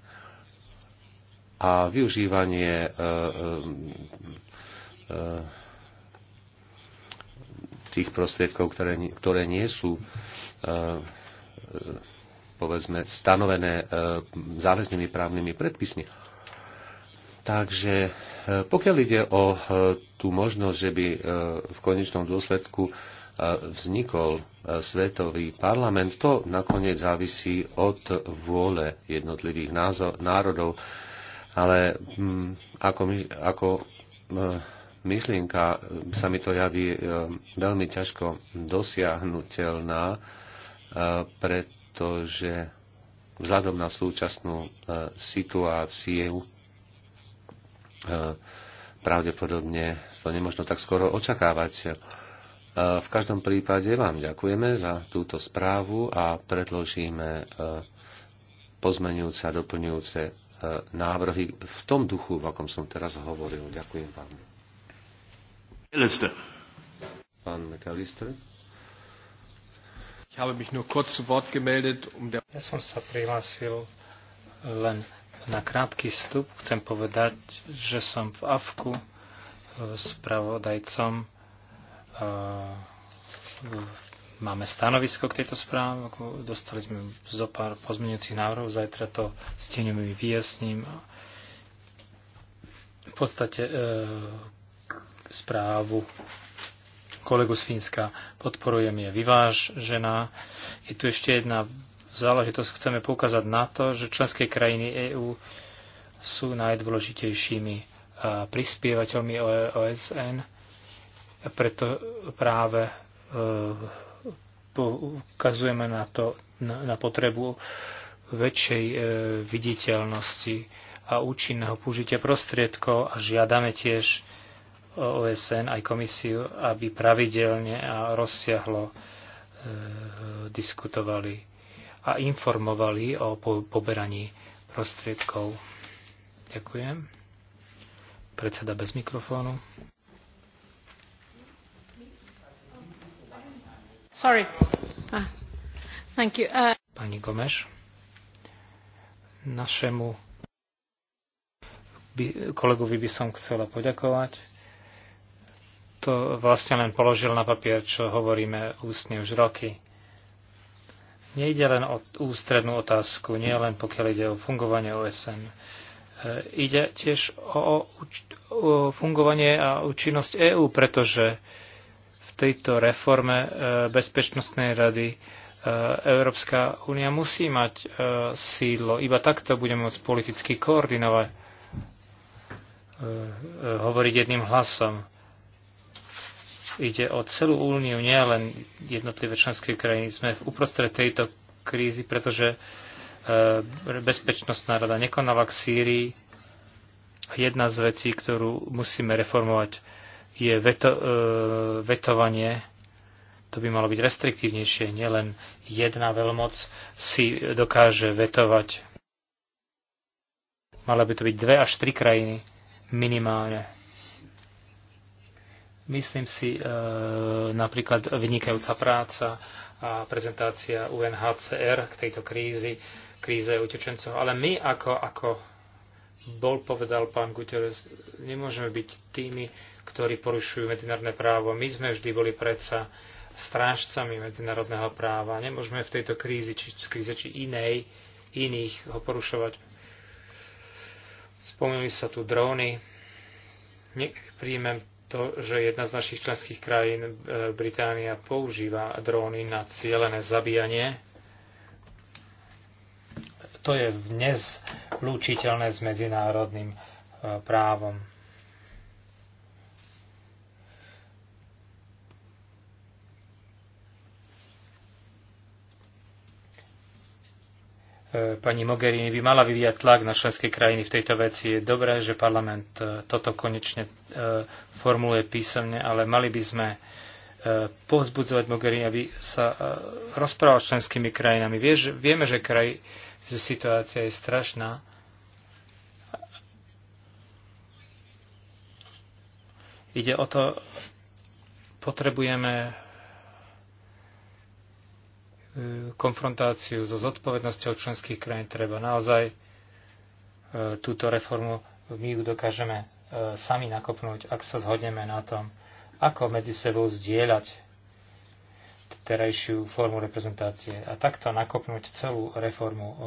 a využívanie tých prostriedkov, ktoré, ktoré nie sú povedzme, stanovené e, záväznými právnymi predpismi. Takže e, pokiaľ ide o e, tú možnosť, že by v konečnom dôsledku vznikol svetový parlament, to nakoniec závisí od vôle jednotlivých národov. Ale mm, ako, ako myšlienka sa mi to javí veľmi ťažko dosiahnutelná, pretože vzhľadom na súčasnú e, situáciu e, pravdepodobne to nemožno tak skoro očakávať. E, v každom prípade vám ďakujeme za túto správu a predložíme pozmenujúce a doplňujúce návrhy v tom duchu, v akom som teraz hovoril. Ďakujem vám. Pán McAllister. Um ja som sa prihlásil len na krátky vstup. Chcem povedať, že som v Avku e, s pravodajcom. E, máme stanovisko k tejto správe, dostali sme zo pár pozmeňujúcich návrhov, zajtra to s tieňovými vyjasním. V podstate e, správu kolegu z Fínska. Podporujem je vyvážená. Je tu ešte jedna záležitosť. Chceme poukázať na to, že členské krajiny EÚ sú najdôležitejšími e, prispievateľmi OSN, e, preto práve e, ukazujeme na, to, na potrebu väčšej viditeľnosti a účinného použitia prostriedkov a žiadame tiež OSN aj komisiu, aby pravidelne a rozsiahlo e, diskutovali a informovali o po- poberaní prostriedkov. Ďakujem. Predseda bez mikrofónu. Sorry. Ah, thank you. Uh... Pani Gomeš, našemu kolegovi by som chcela poďakovať to vlastne len položil na papier, čo hovoríme ústne už roky. Nejde len o ústrednú otázku, nie len pokiaľ ide o fungovanie OSN. E, ide tiež o, o fungovanie a účinnosť EÚ, pretože v tejto reforme e, Bezpečnostnej rady e, Európska únia musí mať sídlo. Iba takto budeme môcť politicky koordinovať, hovoriť jedným hlasom ide o celú úniu, nie len jednotlivé členské krajiny. Sme v uprostred tejto krízy, pretože e, bezpečnostná rada nekonala k Sýrii. Jedna z vecí, ktorú musíme reformovať, je veto, e, vetovanie. To by malo byť restriktívnejšie. Nielen jedna veľmoc si dokáže vetovať. Mala by to byť dve až tri krajiny minimálne Myslím si e, napríklad vynikajúca práca a prezentácia UNHCR k tejto krízi, kríze utečencov. Ale my, ako, ako bol povedal pán Guterres, nemôžeme byť tými, ktorí porušujú medzinárodné právo. My sme vždy boli predsa strážcami medzinárodného práva. Nemôžeme v tejto krízi, či kríze, či inej, iných ho porušovať. Spomínali sa tu dróny. Ne, príjmem to, že jedna z našich členských krajín, e, Británia, používa dróny na cielené zabíjanie. To je dnes lúčiteľné s medzinárodným e, právom. E, pani Mogherini by mala vyvíjať tlak na členské krajiny v tejto veci. Je dobré, že parlament e, toto konečne e, formuluje písomne, ale mali by sme povzbudzovať Mogherini, aby sa rozprával s členskými krajinami. Vieš, vieme, že, kraj, že situácia je strašná. Ide o to, potrebujeme E, konfrontáciu so zodpovednosťou členských krajín treba naozaj e, túto reformu my ju dokážeme e, sami nakopnúť, ak sa zhodneme na tom, ako medzi sebou zdieľať terajšiu formu reprezentácie a takto nakopnúť celú reformu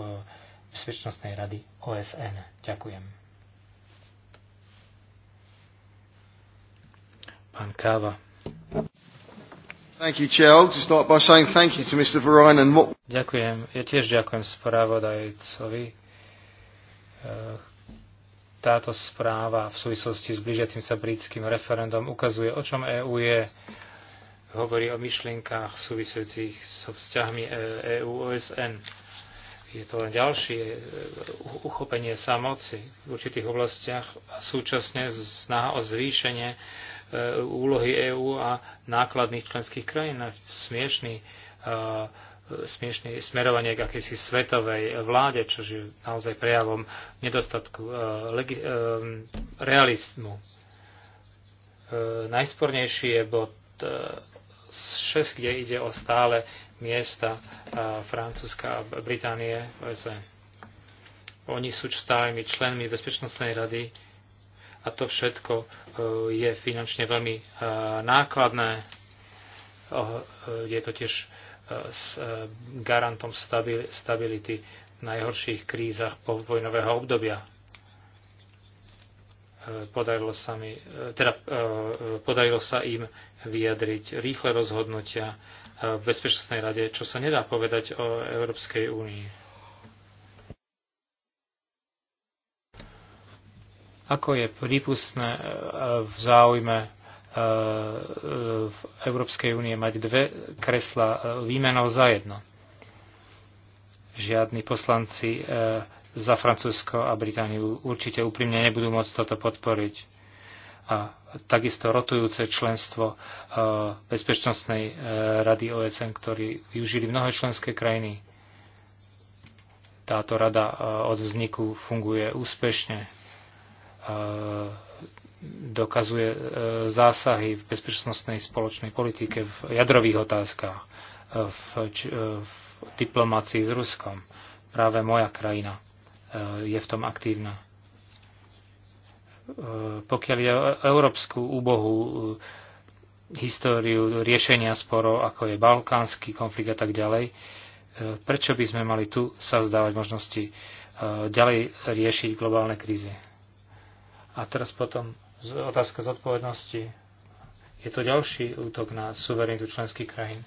Bezpečnostnej rady OSN. Ďakujem. Pán Káva. Ďakujem. Ja tiež ďakujem spravodajcovi. E, táto správa v súvislosti s blížiacim sa britským referendom ukazuje, o čom EÚ je. Hovorí o myšlienkách súvisujúcich so vzťahmi EÚ-OSN. E je to len ďalšie e, uchopenie sa moci v určitých oblastiach a súčasne snaha o zvýšenie E, úlohy EÚ a nákladných členských krajín. Smiešný, e, smiešný smerovanie k akejsi svetovej vláde, čo je naozaj prejavom nedostatku e, realizmu. Najspornejší je bod 6, kde ide o stále miesta Francúzska a Británie. Oni sú stálemi členmi Bezpečnostnej rady a to všetko e, je finančne veľmi e, nákladné. E, je to tiež s garantom stability v najhorších krízach povojnového obdobia. Podarilo sa, mi, teda, podarilo sa im vyjadriť rýchle rozhodnutia v Bezpečnostnej rade, čo sa nedá povedať o Európskej únii ako je prípustné e, v záujme e, e, v Európskej únie mať dve kresla výmenou za jedno. Žiadni poslanci za Francúzsko a Britániu určite úprimne nebudú môcť toto podporiť. A takisto rotujúce členstvo Bezpečnostnej rady OSN, ktorý využili mnohé členské krajiny. Táto rada od vzniku funguje úspešne dokazuje e, zásahy v bezpečnostnej spoločnej politike v jadrových otázkach, e, v, e, v diplomácii s Ruskom. Práve moja krajina je v tom aktívna. Pokiaľ je o európsku úbohu históriu riešenia sporov, ako je balkánsky konflikt a tak ďalej, prečo by sme mali tu sa vzdávať možnosti ďalej riešiť globálne krízy? A teraz potom otázka zodpovednosti. Je to ďalší útok na suverenitu členských krajín.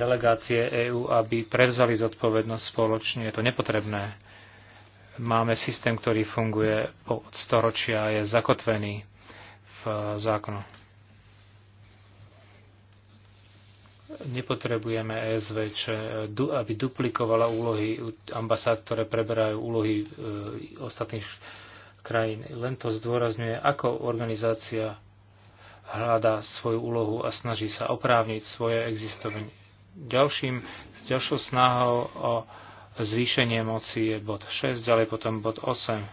Delegácie EÚ, aby prevzali zodpovednosť spoločne, je to nepotrebné. Máme systém, ktorý funguje od storočia a je zakotvený v zákonu. Nepotrebujeme ESVČ, aby duplikovala úlohy ambasád, ktoré preberajú úlohy e, ostatných krajín. Len to zdôrazňuje, ako organizácia hľadá svoju úlohu a snaží sa oprávniť svoje existovanie. Ďalším, ďalšou snahou o zvýšenie moci je bod 6, ďalej potom bod 8 e,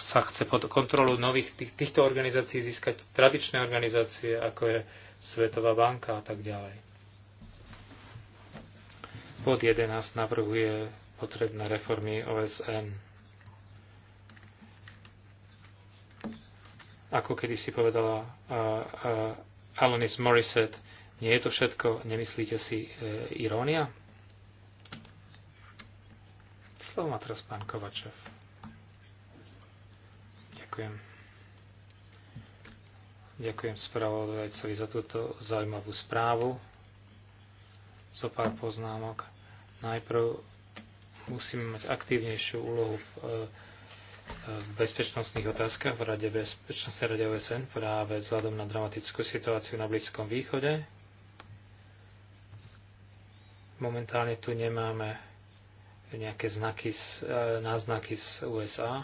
sa chce pod kontrolu nových tých, týchto organizácií získať tradičné organizácie, ako je Svetová banka a tak ďalej. Pod 11 navrhuje potrebné reformy OSN. Ako kedy si povedala uh, uh, Alanis Morissette, nie je to všetko, nemyslíte si, uh, irónia? Slovo má teraz pán Kovačev. Ďakujem. Ďakujem spravodajcovi za túto zaujímavú správu. Zo pár poznámok. Najprv Musíme mať aktívnejšiu úlohu v, e, v bezpečnostných otázkach v Rade bezpečnosti Rade OSN práve vzhľadom na dramatickú situáciu na Blízkom východe. Momentálne tu nemáme nejaké znaky, e, náznaky z USA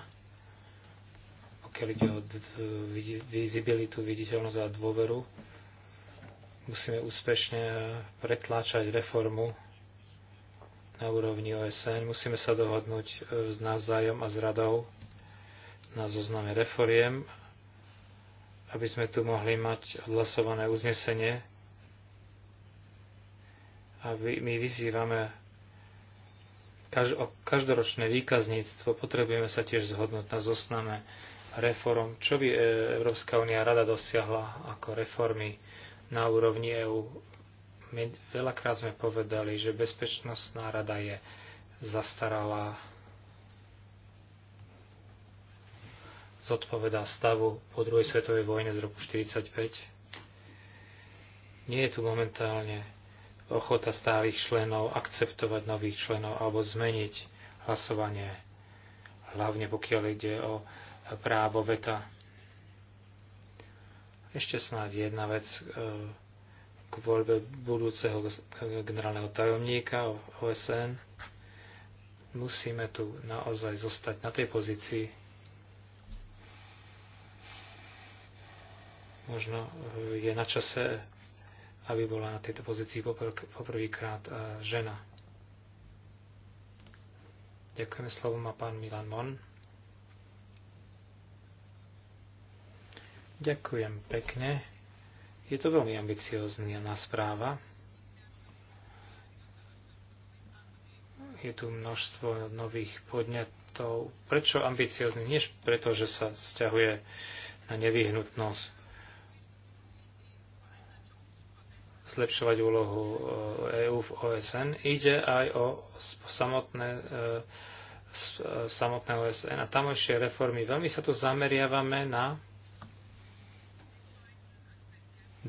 pokiaľ ide o vizibilitu, viditeľnosť a dôveru, musíme úspešne pretláčať reformu na úrovni OSN. Musíme sa dohodnúť e, s navzájom a s radou na zozname reforiem, aby sme tu mohli mať odhlasované uznesenie. A my vyzývame každoročné výkazníctvo, potrebujeme sa tiež zhodnúť na zozname reform, čo by e, Európska únia rada dosiahla ako reformy na úrovni EÚ my veľakrát sme povedali, že Bezpečnostná rada je zastaralá, zodpovedá stavu po druhej svetovej vojne z roku 1945. Nie je tu momentálne ochota stálych členov akceptovať nových členov alebo zmeniť hlasovanie, hlavne pokiaľ ide o právo veta. Ešte snáď jedna vec. E, k voľbe budúceho generálneho tajomníka OSN. Musíme tu naozaj zostať na tej pozícii. Možno eh, je na čase, aby bola na tejto pozícii poprvýkrát eh, žena. Ďakujeme slovo má pán Milan Mon. Ďakujem pekne. Je to veľmi ambiciózna správa. Je tu množstvo nových podnetov. Prečo ambiciozný? Nie preto, že sa vzťahuje na nevyhnutnosť zlepšovať úlohu EÚ e v OSN. Ide aj o samotné, e, e, samotné OSN a tamojšie reformy. Veľmi sa tu zameriavame na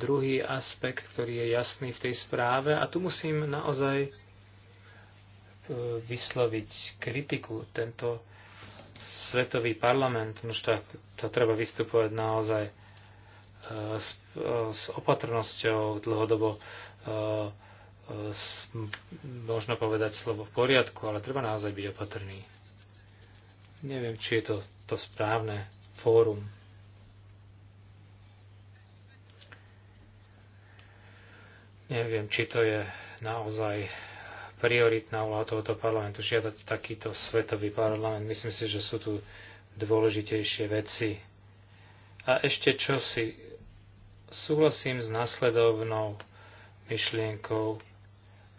druhý aspekt, ktorý je jasný v tej správe, a tu musím naozaj e, vysloviť kritiku. Tento svetový parlament, no tak to treba vystupovať naozaj e, s, e, s opatrnosťou dlhodobo s, možno povedať slovo v poriadku, ale treba naozaj byť opatrný. Neviem, či je to to správne fórum. Neviem, či to je naozaj prioritná úloha tohoto parlamentu žiadať takýto svetový parlament. Myslím si, že sú tu dôležitejšie veci. A ešte čo si Súhlasím s následovnou myšlienkou,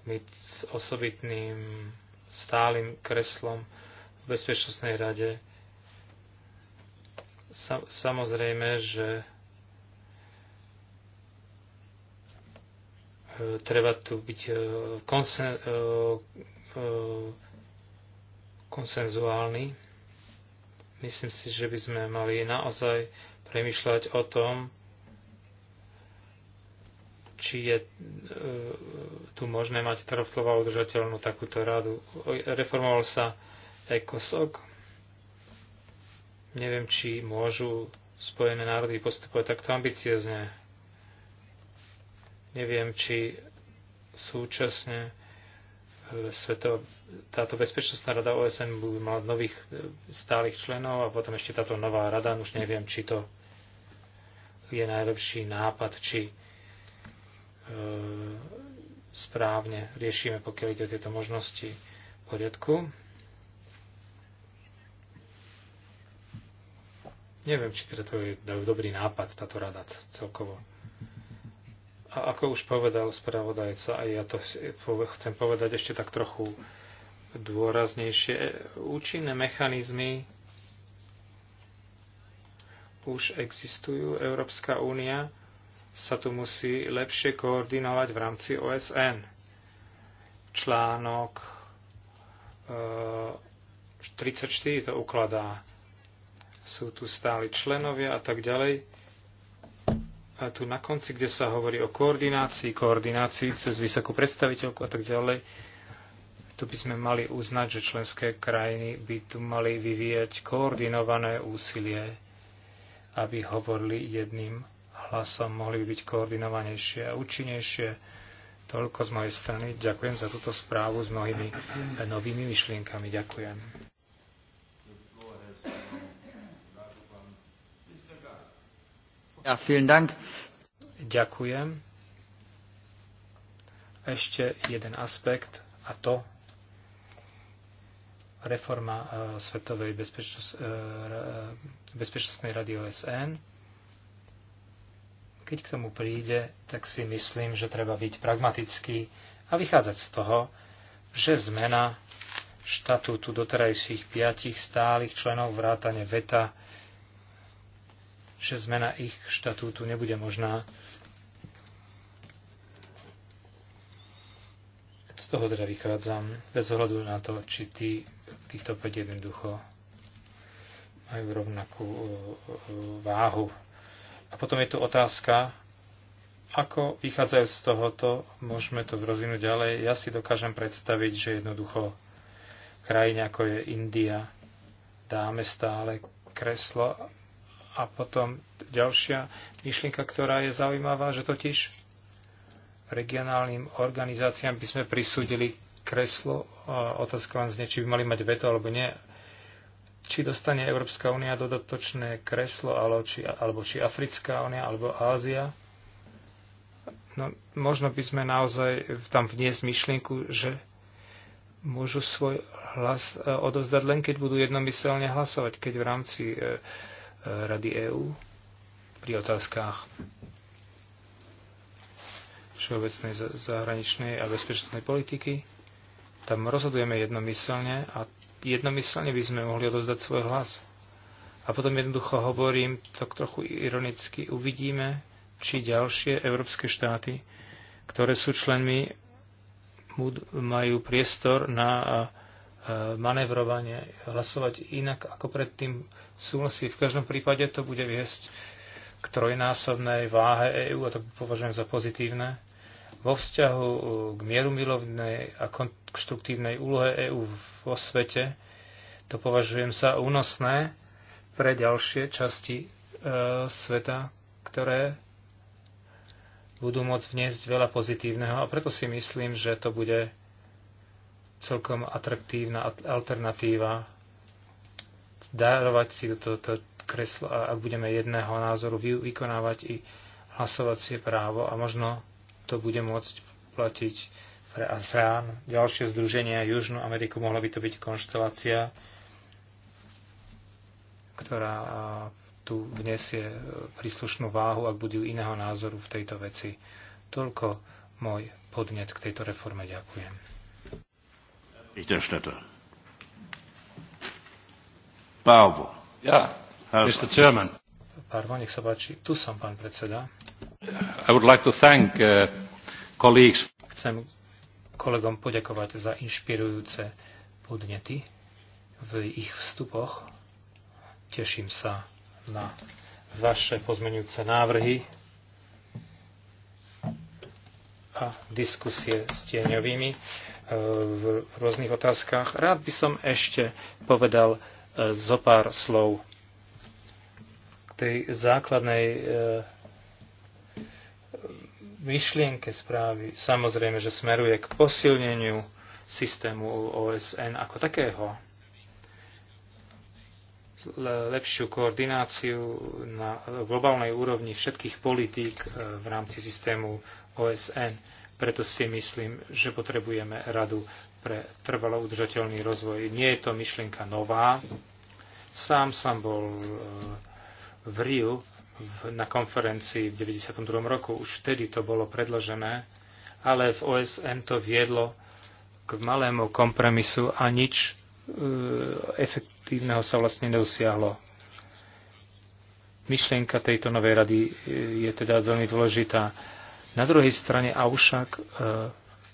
my s osobitným stálym kreslom v Bezpečnostnej rade. Sa, samozrejme, že treba tu byť e, konsen, e, e, konsenzuálny. Myslím si, že by sme mali naozaj premyšľať o tom, či je tu možné mať trvtlovo udržateľnú takúto radu. Reformoval sa ECOSOC. Neviem, či môžu Spojené národy postupovať takto ambiciozne Neviem, či súčasne e, Sveto, táto bezpečnostná rada OSN bude mať nových e, stálych členov a potom ešte táto nová rada, už neviem, či to je najlepší nápad, či e, správne riešime, pokiaľ ide o tieto možnosti v poriadku. Neviem, či teda to je dobrý nápad, táto rada celkovo. A ako už povedal spravodajca, a ja to chcem povedať ešte tak trochu dôraznejšie, účinné mechanizmy už existujú. Európska únia sa tu musí lepšie koordinovať v rámci OSN. Článok 34 e, to ukladá. Sú tu stáli členovia a tak ďalej a tu na konci, kde sa hovorí o koordinácii, koordinácii cez vysokú predstaviteľku a tak ďalej, tu by sme mali uznať, že členské krajiny by tu mali vyvíjať koordinované úsilie, aby hovorili jedným hlasom, mohli by byť koordinovanejšie a účinnejšie. Toľko z mojej strany. Ďakujem za túto správu s mnohými novými myšlienkami. Ďakujem. Ja, vielen Dank. Ďakujem. Ešte jeden aspekt a to reforma e, Svetovej uh, bezpečnostnej rady OSN. Keď k tomu príde, tak si myslím, že treba byť pragmatický a vychádzať z toho, že zmena štatútu doterajších piatich stálych členov vrátane VETA že zmena ich štatútu nebude možná. Z toho teda vychádzam, bez ohľadu na to, či tí, týchto 5 jednoducho majú rovnakú váhu. A potom je tu otázka, ako vychádzajú z tohoto, môžeme to rozvinúť ďalej. Ja si dokážem predstaviť, že jednoducho krajine ako je India dáme stále kreslo a potom ďalšia myšlienka, ktorá je zaujímavá, že totiž regionálnym organizáciám by sme prisúdili kreslo. E, otázka len znie, či by mali mať veto alebo nie. Či dostane Európska únia dodatočné kreslo, alebo či, alebo či Africká únia, alebo Ázia. No, možno by sme naozaj tam vniesť myšlienku, že môžu svoj hlas e, odovzdať len, keď budú jednomyselne hlasovať, keď v rámci e, Rady EÚ pri otázkach všeobecnej zahraničnej a bezpečnostnej politiky. Tam rozhodujeme jednomyselne a jednomyselne by sme mohli odozdať svoj hlas. A potom jednoducho hovorím, tak trochu ironicky, uvidíme, či ďalšie európske štáty, ktoré sú členmi, majú priestor na Eh, manevrovanie, hlasovať inak ako predtým súhlasí. V každom prípade to bude viesť k trojnásobnej váhe EÚ a to považujem za pozitívne. Vo vzťahu eh, k mierumilovnej a konštruktívnej úlohe EÚ vo svete to považujem za únosné pre ďalšie časti e, sveta, ktoré budú môcť vniesť veľa pozitívneho a preto si myslím, že to bude celkom atraktívna alternatíva darovať si toto to, to kreslo, ak budeme jedného názoru vykonávať i hlasovacie právo a možno to bude môcť platiť pre ASEAN, ďalšie združenia Južnú Ameriku, mohla by to byť konštelácia, ktorá tu vnesie e, príslušnú váhu, ak budú iného názoru v tejto veci. Toľko môj podnet k tejto reforme. Ďakujem. Berichterstatter. Párvo. Ja, Mr. Chairman. Pardon, nech sa páči. Tu som, pán predseda. I would like to thank uh, colleagues. Chcem kolegom poďakovať za inšpirujúce podnety v ich vstupoch. Teším sa na vaše pozmenujúce návrhy a diskusie s tieňovými E, v rôznych otázkach. Rád by som ešte povedal e, zo pár slov k tej základnej e, myšlienke správy. Samozrejme, že smeruje k posilneniu systému OSN ako takého. Lepšiu koordináciu na globálnej úrovni všetkých politík v rámci systému OSN preto si myslím, že potrebujeme radu pre trvalo udržateľný rozvoj. Nie je to myšlienka nová. Sám som bol e, v Riu na konferencii v 92. roku. Už vtedy to bolo predložené, ale v OSN to viedlo k malému kompromisu a nič e, efektívneho sa vlastne nedosiahlo. Myšlienka tejto novej rady e, je teda veľmi dôležitá na druhej strane avšak e,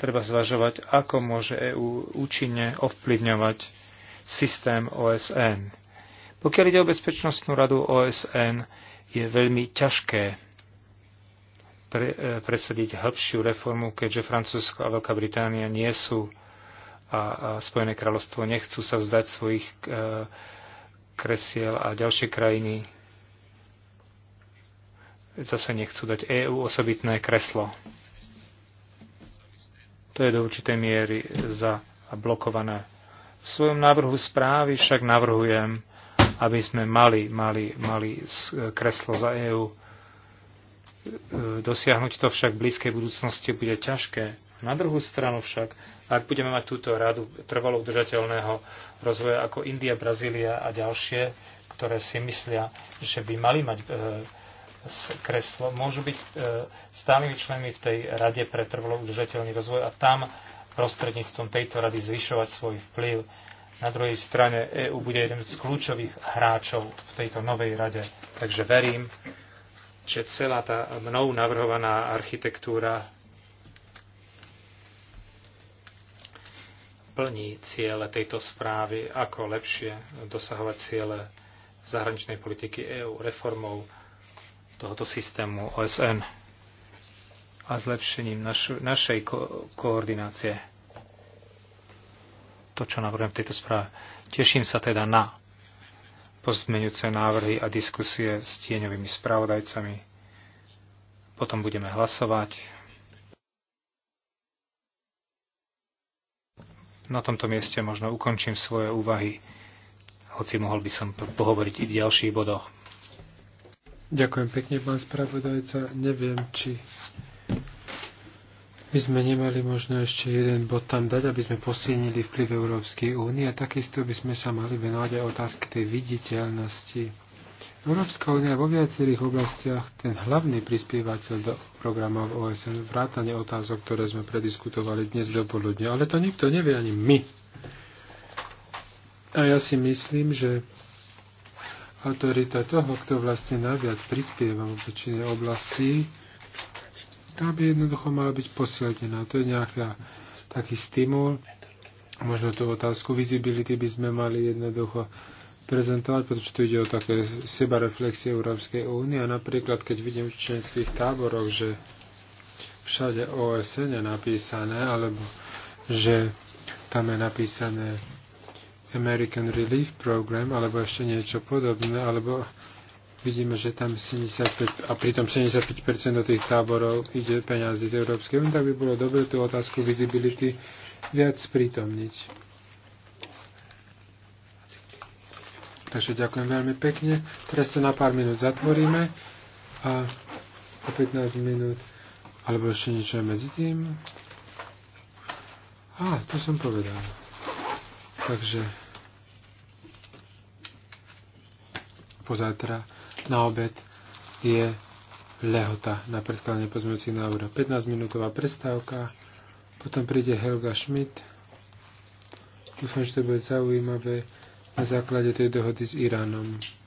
treba zvažovať, ako môže EÚ účinne ovplyvňovať systém OSN. Pokiaľ ide o Bezpečnostnú radu OSN, je veľmi ťažké pre, e, presadiť hĺbšiu reformu, keďže Francúzsko a Veľká Británia nie sú a, a Spojené kráľovstvo nechcú sa vzdať svojich e, kresiel a ďalšie krajiny zase nechcú dať EÚ osobitné kreslo. To je do určitej miery za blokované. V svojom návrhu správy však navrhujem, aby sme mali, mali, mali kreslo za EÚ. E, dosiahnuť to však v blízkej budúcnosti bude ťažké. Na druhú stranu však, ak budeme mať túto radu trvalo udržateľného rozvoja ako India, Brazília a ďalšie, ktoré si myslia, že by mali mať e, kreslo, môžu byť e, stálymi členmi v tej Rade pre trvalo udržateľný rozvoj a tam prostredníctvom tejto rady zvyšovať svoj vplyv. Na druhej strane EÚ bude jeden z kľúčových hráčov v tejto novej rade. Takže verím, že celá tá mnou navrhovaná architektúra plní ciele tejto správy, ako lepšie dosahovať ciele zahraničnej politiky EÚ reformou tohoto systému OSN a zlepšením našu, našej ko- koordinácie. To, čo navrhujem v tejto správe. Teším sa teda na pozmeňujúce návrhy a diskusie s tieňovými spravodajcami. Potom budeme hlasovať. Na tomto mieste možno ukončím svoje úvahy, hoci mohol by som pohovoriť i v ďalších bodoch. Ďakujem pekne, pán spravodajca. Neviem, či by sme nemali možno ešte jeden bod tam dať, aby sme posilnili vplyv Európskej únie a takisto by sme sa mali venovať aj otázky tej viditeľnosti. Európska únia vo viacerých oblastiach ten hlavný prispievateľ do programov OSN, vrátane otázok, ktoré sme prediskutovali dnes do poludne, ale to nikto nevie, ani my. A ja si myslím, že autorita toho, kto vlastne najviac prispieva v väčšine oblasti, tá by jednoducho mala byť posilnená. To je nejaký taký stimul. Možno tú otázku visibility by sme mali jednoducho prezentovať, pretože tu ide o také sebareflexie Európskej únie a napríklad, keď vidím v členských táboroch, že všade OSN je napísané, alebo že tam je napísané American Relief Program alebo ešte niečo podobné, alebo vidíme, že tam 75, a pritom 75% do tých táborov ide peniazy z Európskej únie, tak by bolo dobré tú otázku visibility viac sprítomniť. Takže ďakujem veľmi pekne. Teraz to na pár minút zatvoríme a o 15 minút alebo ešte niečo je medzi tým. A, to som povedal. Takže pozajtra na obed je lehota na predkladanie pozmeňujúcich návrhov. 15 minútová prestávka, potom príde Helga Schmidt. Dúfam, že to bude zaujímavé na základe tej dohody s Iránom.